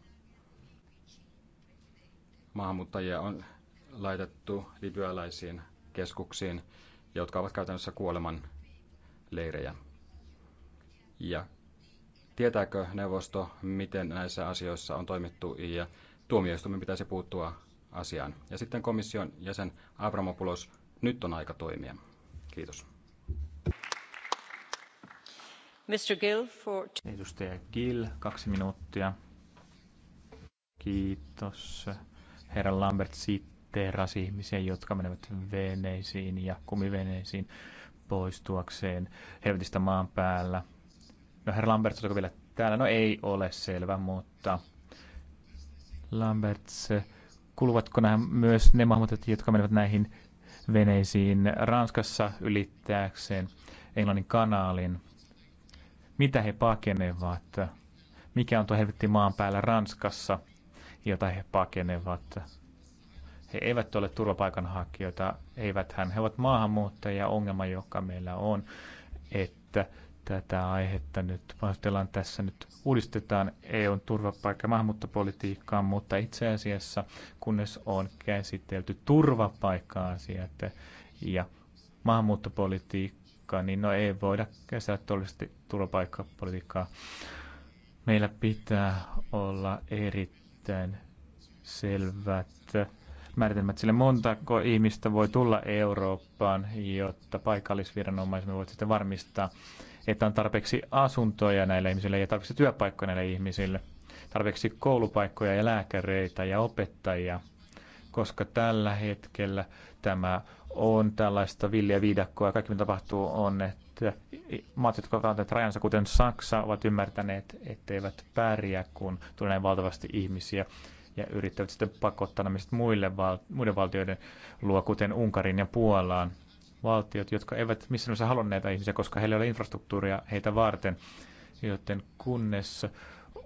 Maahanmuuttajia on laitettu libyalaisiin keskuksiin, jotka ovat käytännössä kuoleman leirejä. Ja Tietääkö neuvosto, miten näissä asioissa on toimittu ja tuomioistuimen pitäisi puuttua asiaan? Ja sitten komission jäsen Abramopoulos nyt on aika toimia. Kiitos. Mr. Gill for... Edustaja Gill, kaksi minuuttia. Kiitos. Herra Lambert sitteerasi ihmisiä, jotka menevät veneisiin ja kumiveneisiin poistuakseen helvetistä maan päällä No herra Lambert, oletko vielä täällä? No ei ole selvä, mutta Lambert, kuuluvatko nämä myös ne mahmotet, jotka menevät näihin veneisiin Ranskassa ylittääkseen Englannin kanaalin? Mitä he pakenevat? Mikä on tuo helvetti maan päällä Ranskassa, jota he pakenevat? he eivät ole turvapaikanhakijoita, eivät hän, he ovat maahanmuuttajia. Ongelma, joka meillä on, että tätä aihetta nyt valmistellaan tässä nyt uudistetaan EUn turvapaikka- ja maahanmuuttopolitiikkaa, mutta itse asiassa kunnes on käsitelty turvapaikka-asiat ja maahanmuuttopolitiikkaa, niin no ei voida käsitellä todellisesti turvapaikkapolitiikkaa. Meillä pitää olla erittäin selvät määritelmät sille, montako ihmistä voi tulla Eurooppaan, jotta paikallisviranomaisemme voivat sitten varmistaa, että on tarpeeksi asuntoja näille ihmisille ja tarpeeksi työpaikkoja näille ihmisille, tarpeeksi koulupaikkoja ja lääkäreitä ja opettajia, koska tällä hetkellä tämä on tällaista villiä viidakkoa. Kaikki, mitä tapahtuu, on, että maat, jotka ovat rajansa, kuten Saksa, ovat ymmärtäneet, etteivät pärjää, kun tulee näin valtavasti ihmisiä ja yrittävät sitten pakottaa muille val- muiden valtioiden luo, kuten Unkarin ja Puolaan valtiot, jotka eivät missään nimessä halunneet näitä ihmisiä, koska heillä ei ole infrastruktuuria heitä varten. Joten kunnes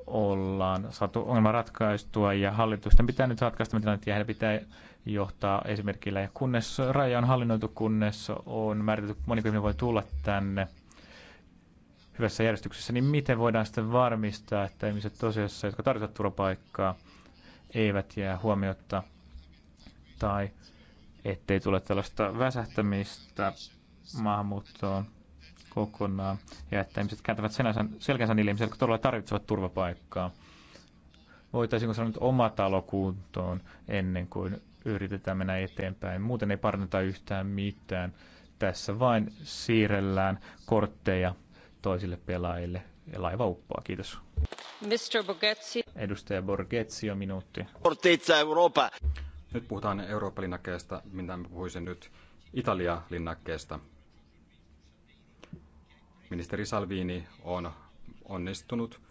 ollaan saatu ongelma ratkaistua ja hallitusten pitää nyt ratkaista tilannetta ja heidän pitää johtaa esimerkillä. Ja kunnes raja on hallinnoitu, kunnes on määritelty, moniko voi tulla tänne hyvässä järjestyksessä, niin miten voidaan sitten varmistaa, että ihmiset tosiasiassa, jotka tarvitsevat turvapaikkaa, eivät jää huomiota tai ettei tule tällaista väsähtämistä maahanmuuttoon kokonaan ja että ihmiset kääntävät senänsä, selkänsä niille ihmisille, jotka todella tarvitsevat turvapaikkaa. Voitaisiinko sanoa nyt oma talo kuntoon ennen kuin yritetään mennä eteenpäin? Muuten ei paranneta yhtään mitään. Tässä vain siirrellään kortteja toisille pelaajille ja laiva uppoa. Kiitos. Mr. Borghetti. Edustaja Borghezio, minuutti. Fortezza Europa. Nyt puhutaan Eurooppa-linnakkeesta, minä puhuisin nyt Italia-linnakkeesta. Ministeri Salvini on onnistunut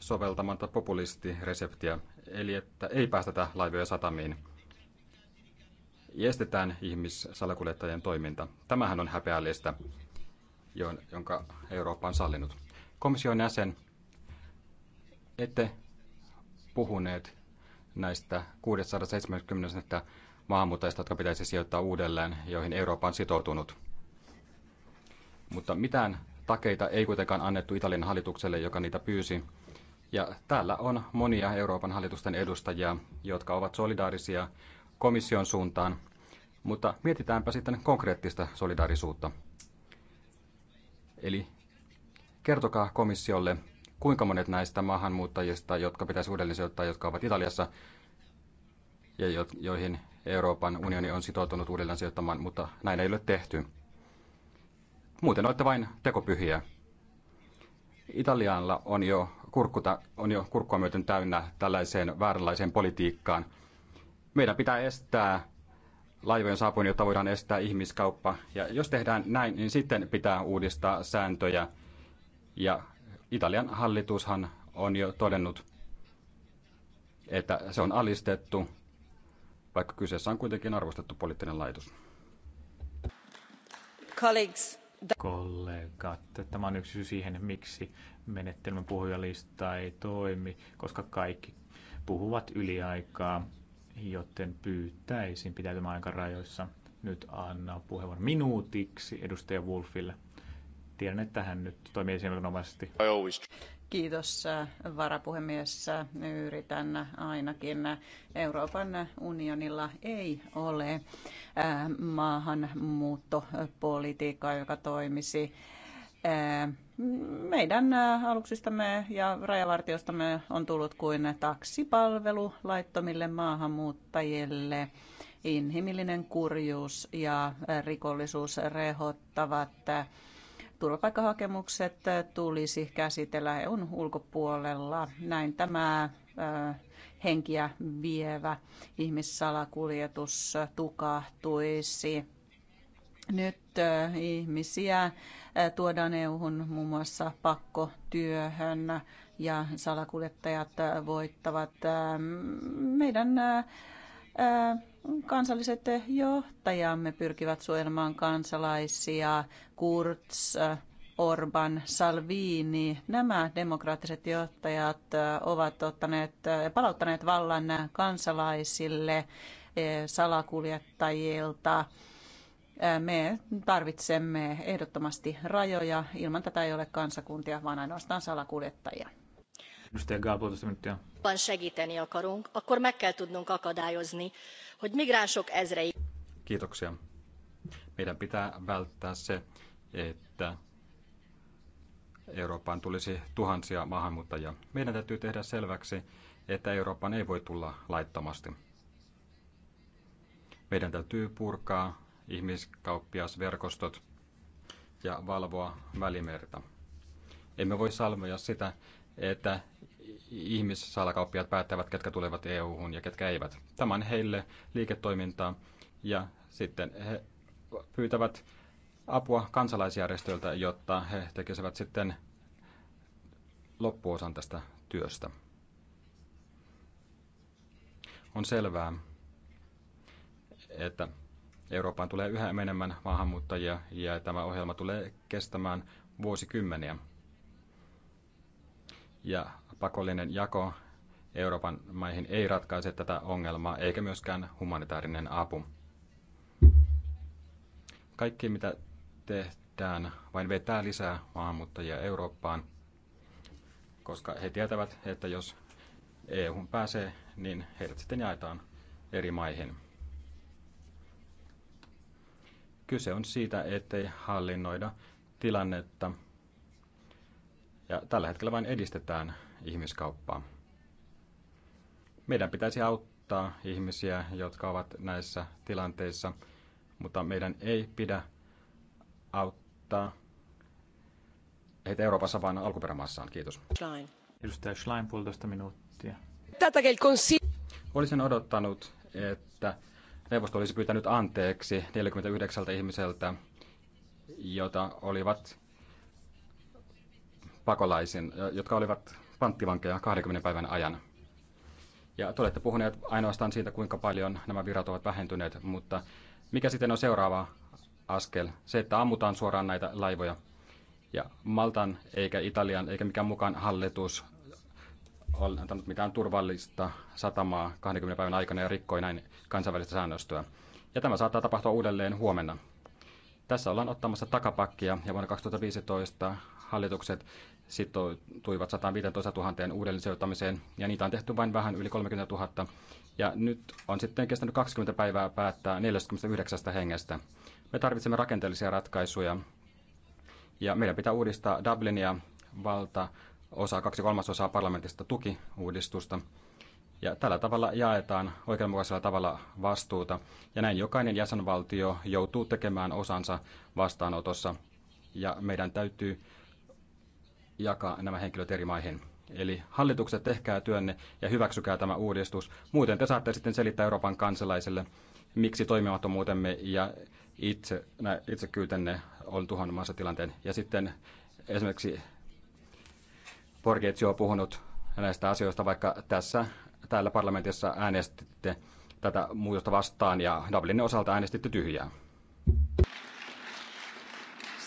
soveltamatta populistireseptiä, eli että ei päästetä laivoja satamiin. Estetään ihmissalakuljettajien toiminta. Tämähän on häpeällistä, jonka Eurooppa on sallinut. Komission jäsen, ette puhuneet näistä 670 maahanmuuttajista, jotka pitäisi sijoittaa uudelleen, joihin Eurooppa on sitoutunut. Mutta mitään takeita ei kuitenkaan annettu Italian hallitukselle, joka niitä pyysi. Ja täällä on monia Euroopan hallitusten edustajia, jotka ovat solidaarisia komission suuntaan, mutta mietitäänpä sitten konkreettista solidaarisuutta. Eli kertokaa komissiolle, kuinka monet näistä maahanmuuttajista, jotka pitäisi uudelleen sijoittaa, jotka ovat Italiassa ja joihin Euroopan unioni on sitoutunut uudelleen sijoittamaan, mutta näin ei ole tehty. Muuten olette vain tekopyhiä. Italialla on jo, kurkuta, on jo kurkkua myöten täynnä tällaiseen vääränlaiseen politiikkaan. Meidän pitää estää laivojen saapuminen jotta voidaan estää ihmiskauppa. Ja jos tehdään näin, niin sitten pitää uudistaa sääntöjä ja Italian hallitushan on jo todennut, että se on alistettu, vaikka kyseessä on kuitenkin arvostettu poliittinen laitos. Colleagues. Kollegat, tämä on yksi syy siihen, miksi menettelmän puhujalista ei toimi, koska kaikki puhuvat yliaikaa, joten pyytäisin pitäytymään aikarajoissa. Nyt anna puheenvuoron minuutiksi edustaja Wolfille. Tiedän, että hän nyt toimii esimerkinomaisesti. Kiitos äh, varapuhemies. Yritän ainakin. Euroopan unionilla ei ole äh, maahanmuuttopolitiikkaa, joka toimisi äh, meidän aluksistamme ja rajavartiostamme on tullut kuin taksipalvelu laittomille maahanmuuttajille. Inhimillinen kurjuus ja rikollisuus rehottavat turvapaikkahakemukset äh, tulisi käsitellä EUn ulkopuolella. Näin tämä äh, henkiä vievä ihmissalakuljetus tukahtuisi. Nyt äh, ihmisiä tuodaan EU-hun muun muassa pakkotyöhön ja salakuljettajat voittavat ähm, meidän kansalliset johtajamme pyrkivät suojelemaan kansalaisia, Kurz, Orban, Salvini, nämä demokraattiset johtajat ovat ottaneet, palauttaneet vallan kansalaisille eh, salakuljettajilta. Me tarvitsemme ehdottomasti rajoja. Ilman tätä ei ole kansakuntia, vaan ainoastaan salakuljettajia valóban segteni akarunk, akkor meg kell tudnunk akadályozni, hogy migránsok ezrei... Kiitoksia. Meidän pitää välttää se, että Eurooppaan tulisi tuhansia maahanmuuttajia. Meidän täytyy tehdä selväksi, että Eurooppaan ei voi tulla laittomasti. Meidän täytyy purkaa ihmiskauppiasverkostot ja valvoa välimerta. Emme voi salmoja sitä, että ihmissalakauppiaat päättävät, ketkä tulevat EU-hun ja ketkä eivät. Tämä on heille liiketoimintaa ja sitten he pyytävät apua kansalaisjärjestöiltä, jotta he tekisivät sitten loppuosan tästä työstä. On selvää, että Eurooppaan tulee yhä enemmän maahanmuuttajia ja tämä ohjelma tulee kestämään vuosikymmeniä ja pakollinen jako Euroopan maihin ei ratkaise tätä ongelmaa, eikä myöskään humanitaarinen apu. Kaikki, mitä tehdään, vain vetää lisää maahanmuuttajia Eurooppaan, koska he tietävät, että jos EU pääsee, niin heidät sitten jaetaan eri maihin. Kyse on siitä, ettei hallinnoida tilannetta – ja tällä hetkellä vain edistetään ihmiskauppaa. Meidän pitäisi auttaa ihmisiä, jotka ovat näissä tilanteissa, mutta meidän ei pidä auttaa heitä Euroopassa, vaan alkuperämaassaan. Kiitos. Schlein. Edustaja Schlein, puolitoista minuuttia. Olisin odottanut, että neuvosto olisi pyytänyt anteeksi 49 ihmiseltä, jota olivat pakolaisin, jotka olivat panttivankeja 20 päivän ajan. Ja te olette puhuneet ainoastaan siitä, kuinka paljon nämä virat ovat vähentyneet, mutta mikä sitten on seuraava askel? Se, että ammutaan suoraan näitä laivoja. Ja Maltan eikä Italian eikä mikään mukaan hallitus ole antanut mitään turvallista satamaa 20 päivän aikana ja rikkoi näin kansainvälistä säännöstöä. Ja tämä saattaa tapahtua uudelleen huomenna. Tässä ollaan ottamassa takapakkia ja vuonna 2015 hallitukset sitoutuivat 115 000 uudelleen ja niitä on tehty vain vähän yli 30 000. Ja nyt on sitten kestänyt 20 päivää päättää 49 hengestä. Me tarvitsemme rakenteellisia ratkaisuja, ja meidän pitää uudistaa Dublinia valta osa kaksi kolmasosaa parlamentista tuki uudistusta. Ja tällä tavalla jaetaan oikeudenmukaisella tavalla vastuuta, ja näin jokainen jäsenvaltio joutuu tekemään osansa vastaanotossa, ja meidän täytyy jakaa nämä henkilöt eri maihin. Eli hallitukset, tehkää työnne ja hyväksykää tämä uudistus. Muuten te saatte sitten selittää Euroopan kansalaisille, miksi toimimattomuutemme ja itse, nä, itsekyytenne on tuhannut maassa tilanteen. Ja sitten esimerkiksi Borgetsio on puhunut näistä asioista, vaikka tässä täällä parlamentissa äänestitte tätä muutosta vastaan ja Dublinin osalta äänestitte tyhjää.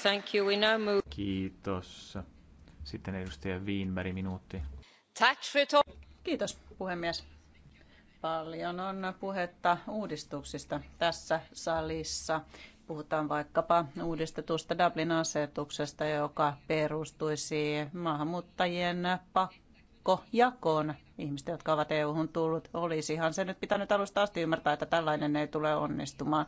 Thank you. We now move. Kiitos. Sitten edustaja Wienberg, minuutti. Kiitos puhemies. Paljon on puhetta uudistuksista tässä salissa. Puhutaan vaikkapa uudistetusta Dublin-asetuksesta, joka perustuisi maahanmuuttajien pakkojakoon ihmisten, jotka ovat EU-hun tullut. Olisihan se nyt pitänyt alusta asti ymmärtää, että tällainen ei tule onnistumaan.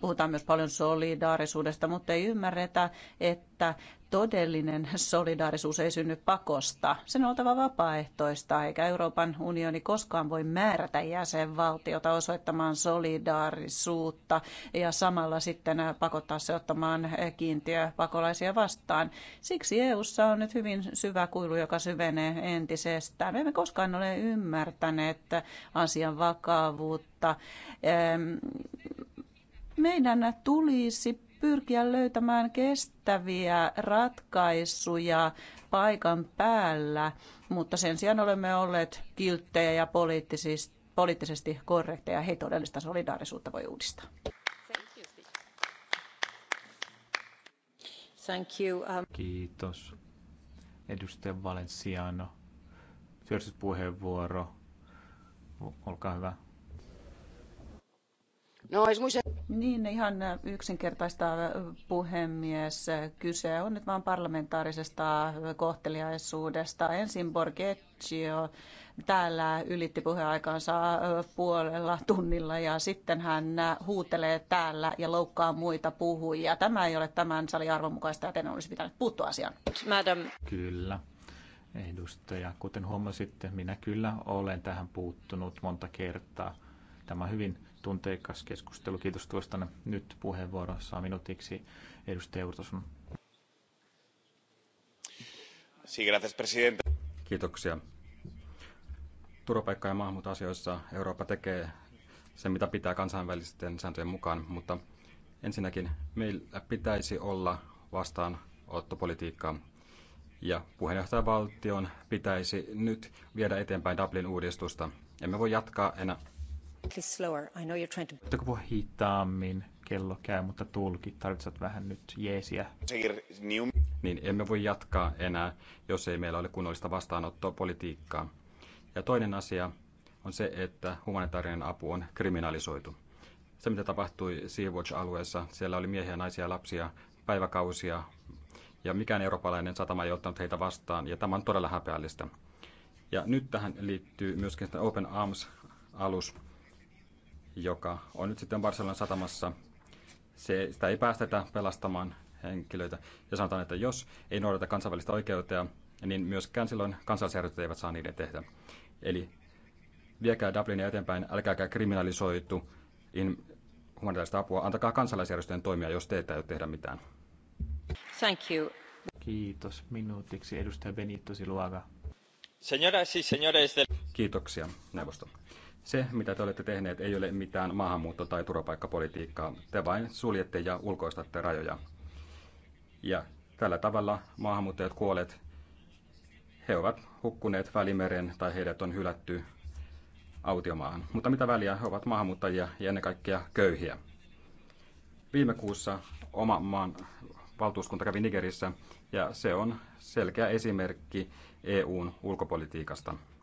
Puhutaan myös paljon solidaarisuudesta, mutta ei ymmärretä, että todellinen solidaarisuus ei synny pakosta. Sen on oltava vapaaehtoista, eikä Euroopan unioni koskaan voi määrätä jäsenvaltiota osoittamaan solidaarisuutta ja samalla sitten pakottaa se ottamaan kiintiö pakolaisia vastaan. Siksi EU:ssa on nyt hyvin syvä kuilu, joka syvenee entisestään. Me emme koskaan ole ymmärtäneet asian vakavuutta. Meidän tulisi pyrkiä löytämään kestäviä ratkaisuja paikan päällä, mutta sen sijaan olemme olleet kilttejä ja poliittisesti korrekteja. He todellista solidaarisuutta voi uudistaa. Thank you. Um, Kiitos. Edustaja Valenciano, työllisyyspuheenvuoro. Olkaa hyvä. No, niin, ihan yksinkertaista puhemies. Kyse on nyt vain parlamentaarisesta kohteliaisuudesta. Ensin Borgeccio täällä ylitti puheaikaansa puolella tunnilla ja sitten hän huutelee täällä ja loukkaa muita puhujia. Tämä ei ole tämän salin arvonmukaista ja teidän olisi pitänyt puuttua asiaan. Madam. Kyllä. Edustaja, kuten huomasitte, minä kyllä olen tähän puuttunut monta kertaa. Tämä on hyvin tunteikas keskustelu. Kiitos tuosta Nyt puheenvuorossa saa minuutiksi edustaja presidente. Kiitoksia. Turvapaikka- ja maahanmuuttoasioissa Eurooppa tekee sen, mitä pitää kansainvälisten sääntöjen mukaan, mutta ensinnäkin meillä pitäisi olla vastaanottopolitiikkaa. Ja puheenjohtajavaltion pitäisi nyt viedä eteenpäin Dublin-uudistusta. Emme voi jatkaa enää mutta kun hitaammin? Kello käy, mutta tulkit tarvitset vähän nyt jeesiä. Niin emme voi jatkaa enää, jos ei meillä ole kunnollista vastaanottoa politiikkaa. Ja toinen asia on se, että humanitaarinen apu on kriminalisoitu. Se, mitä tapahtui Sea-Watch-alueessa, siellä oli miehiä, naisia, lapsia, päiväkausia, ja mikään eurooppalainen satama ei ottanut heitä vastaan, ja tämä on todella häpeällistä. Ja nyt tähän liittyy myöskin Open Arms-alus, joka on nyt sitten Barcelonan satamassa. Se, sitä ei päästetä pelastamaan henkilöitä. Ja sanotaan, että jos ei noudata kansainvälistä oikeutta, niin myöskään silloin kansalaisjärjestöt eivät saa niiden tehdä. Eli viekää Dublinia eteenpäin, älkääkä kriminalisoitu in, humanitaarista apua, antakaa kansalaisjärjestöjen toimia, jos teitä ei tehdä mitään. Thank you. Kiitos. Minuutiksi edustaja Benito Siluaga. Señoras y señores del... Kiitoksia, neuvosto. Se, mitä te olette tehneet, ei ole mitään maahanmuutto- tai turvapaikkapolitiikkaa. Te vain suljette ja ulkoistatte rajoja. Ja tällä tavalla maahanmuuttajat kuolet, he ovat hukkuneet välimeren tai heidät on hylätty autiomaahan. Mutta mitä väliä, he ovat maahanmuuttajia ja ennen kaikkea köyhiä. Viime kuussa oma maan valtuuskunta kävi Nigerissä ja se on selkeä esimerkki EUn ulkopolitiikasta.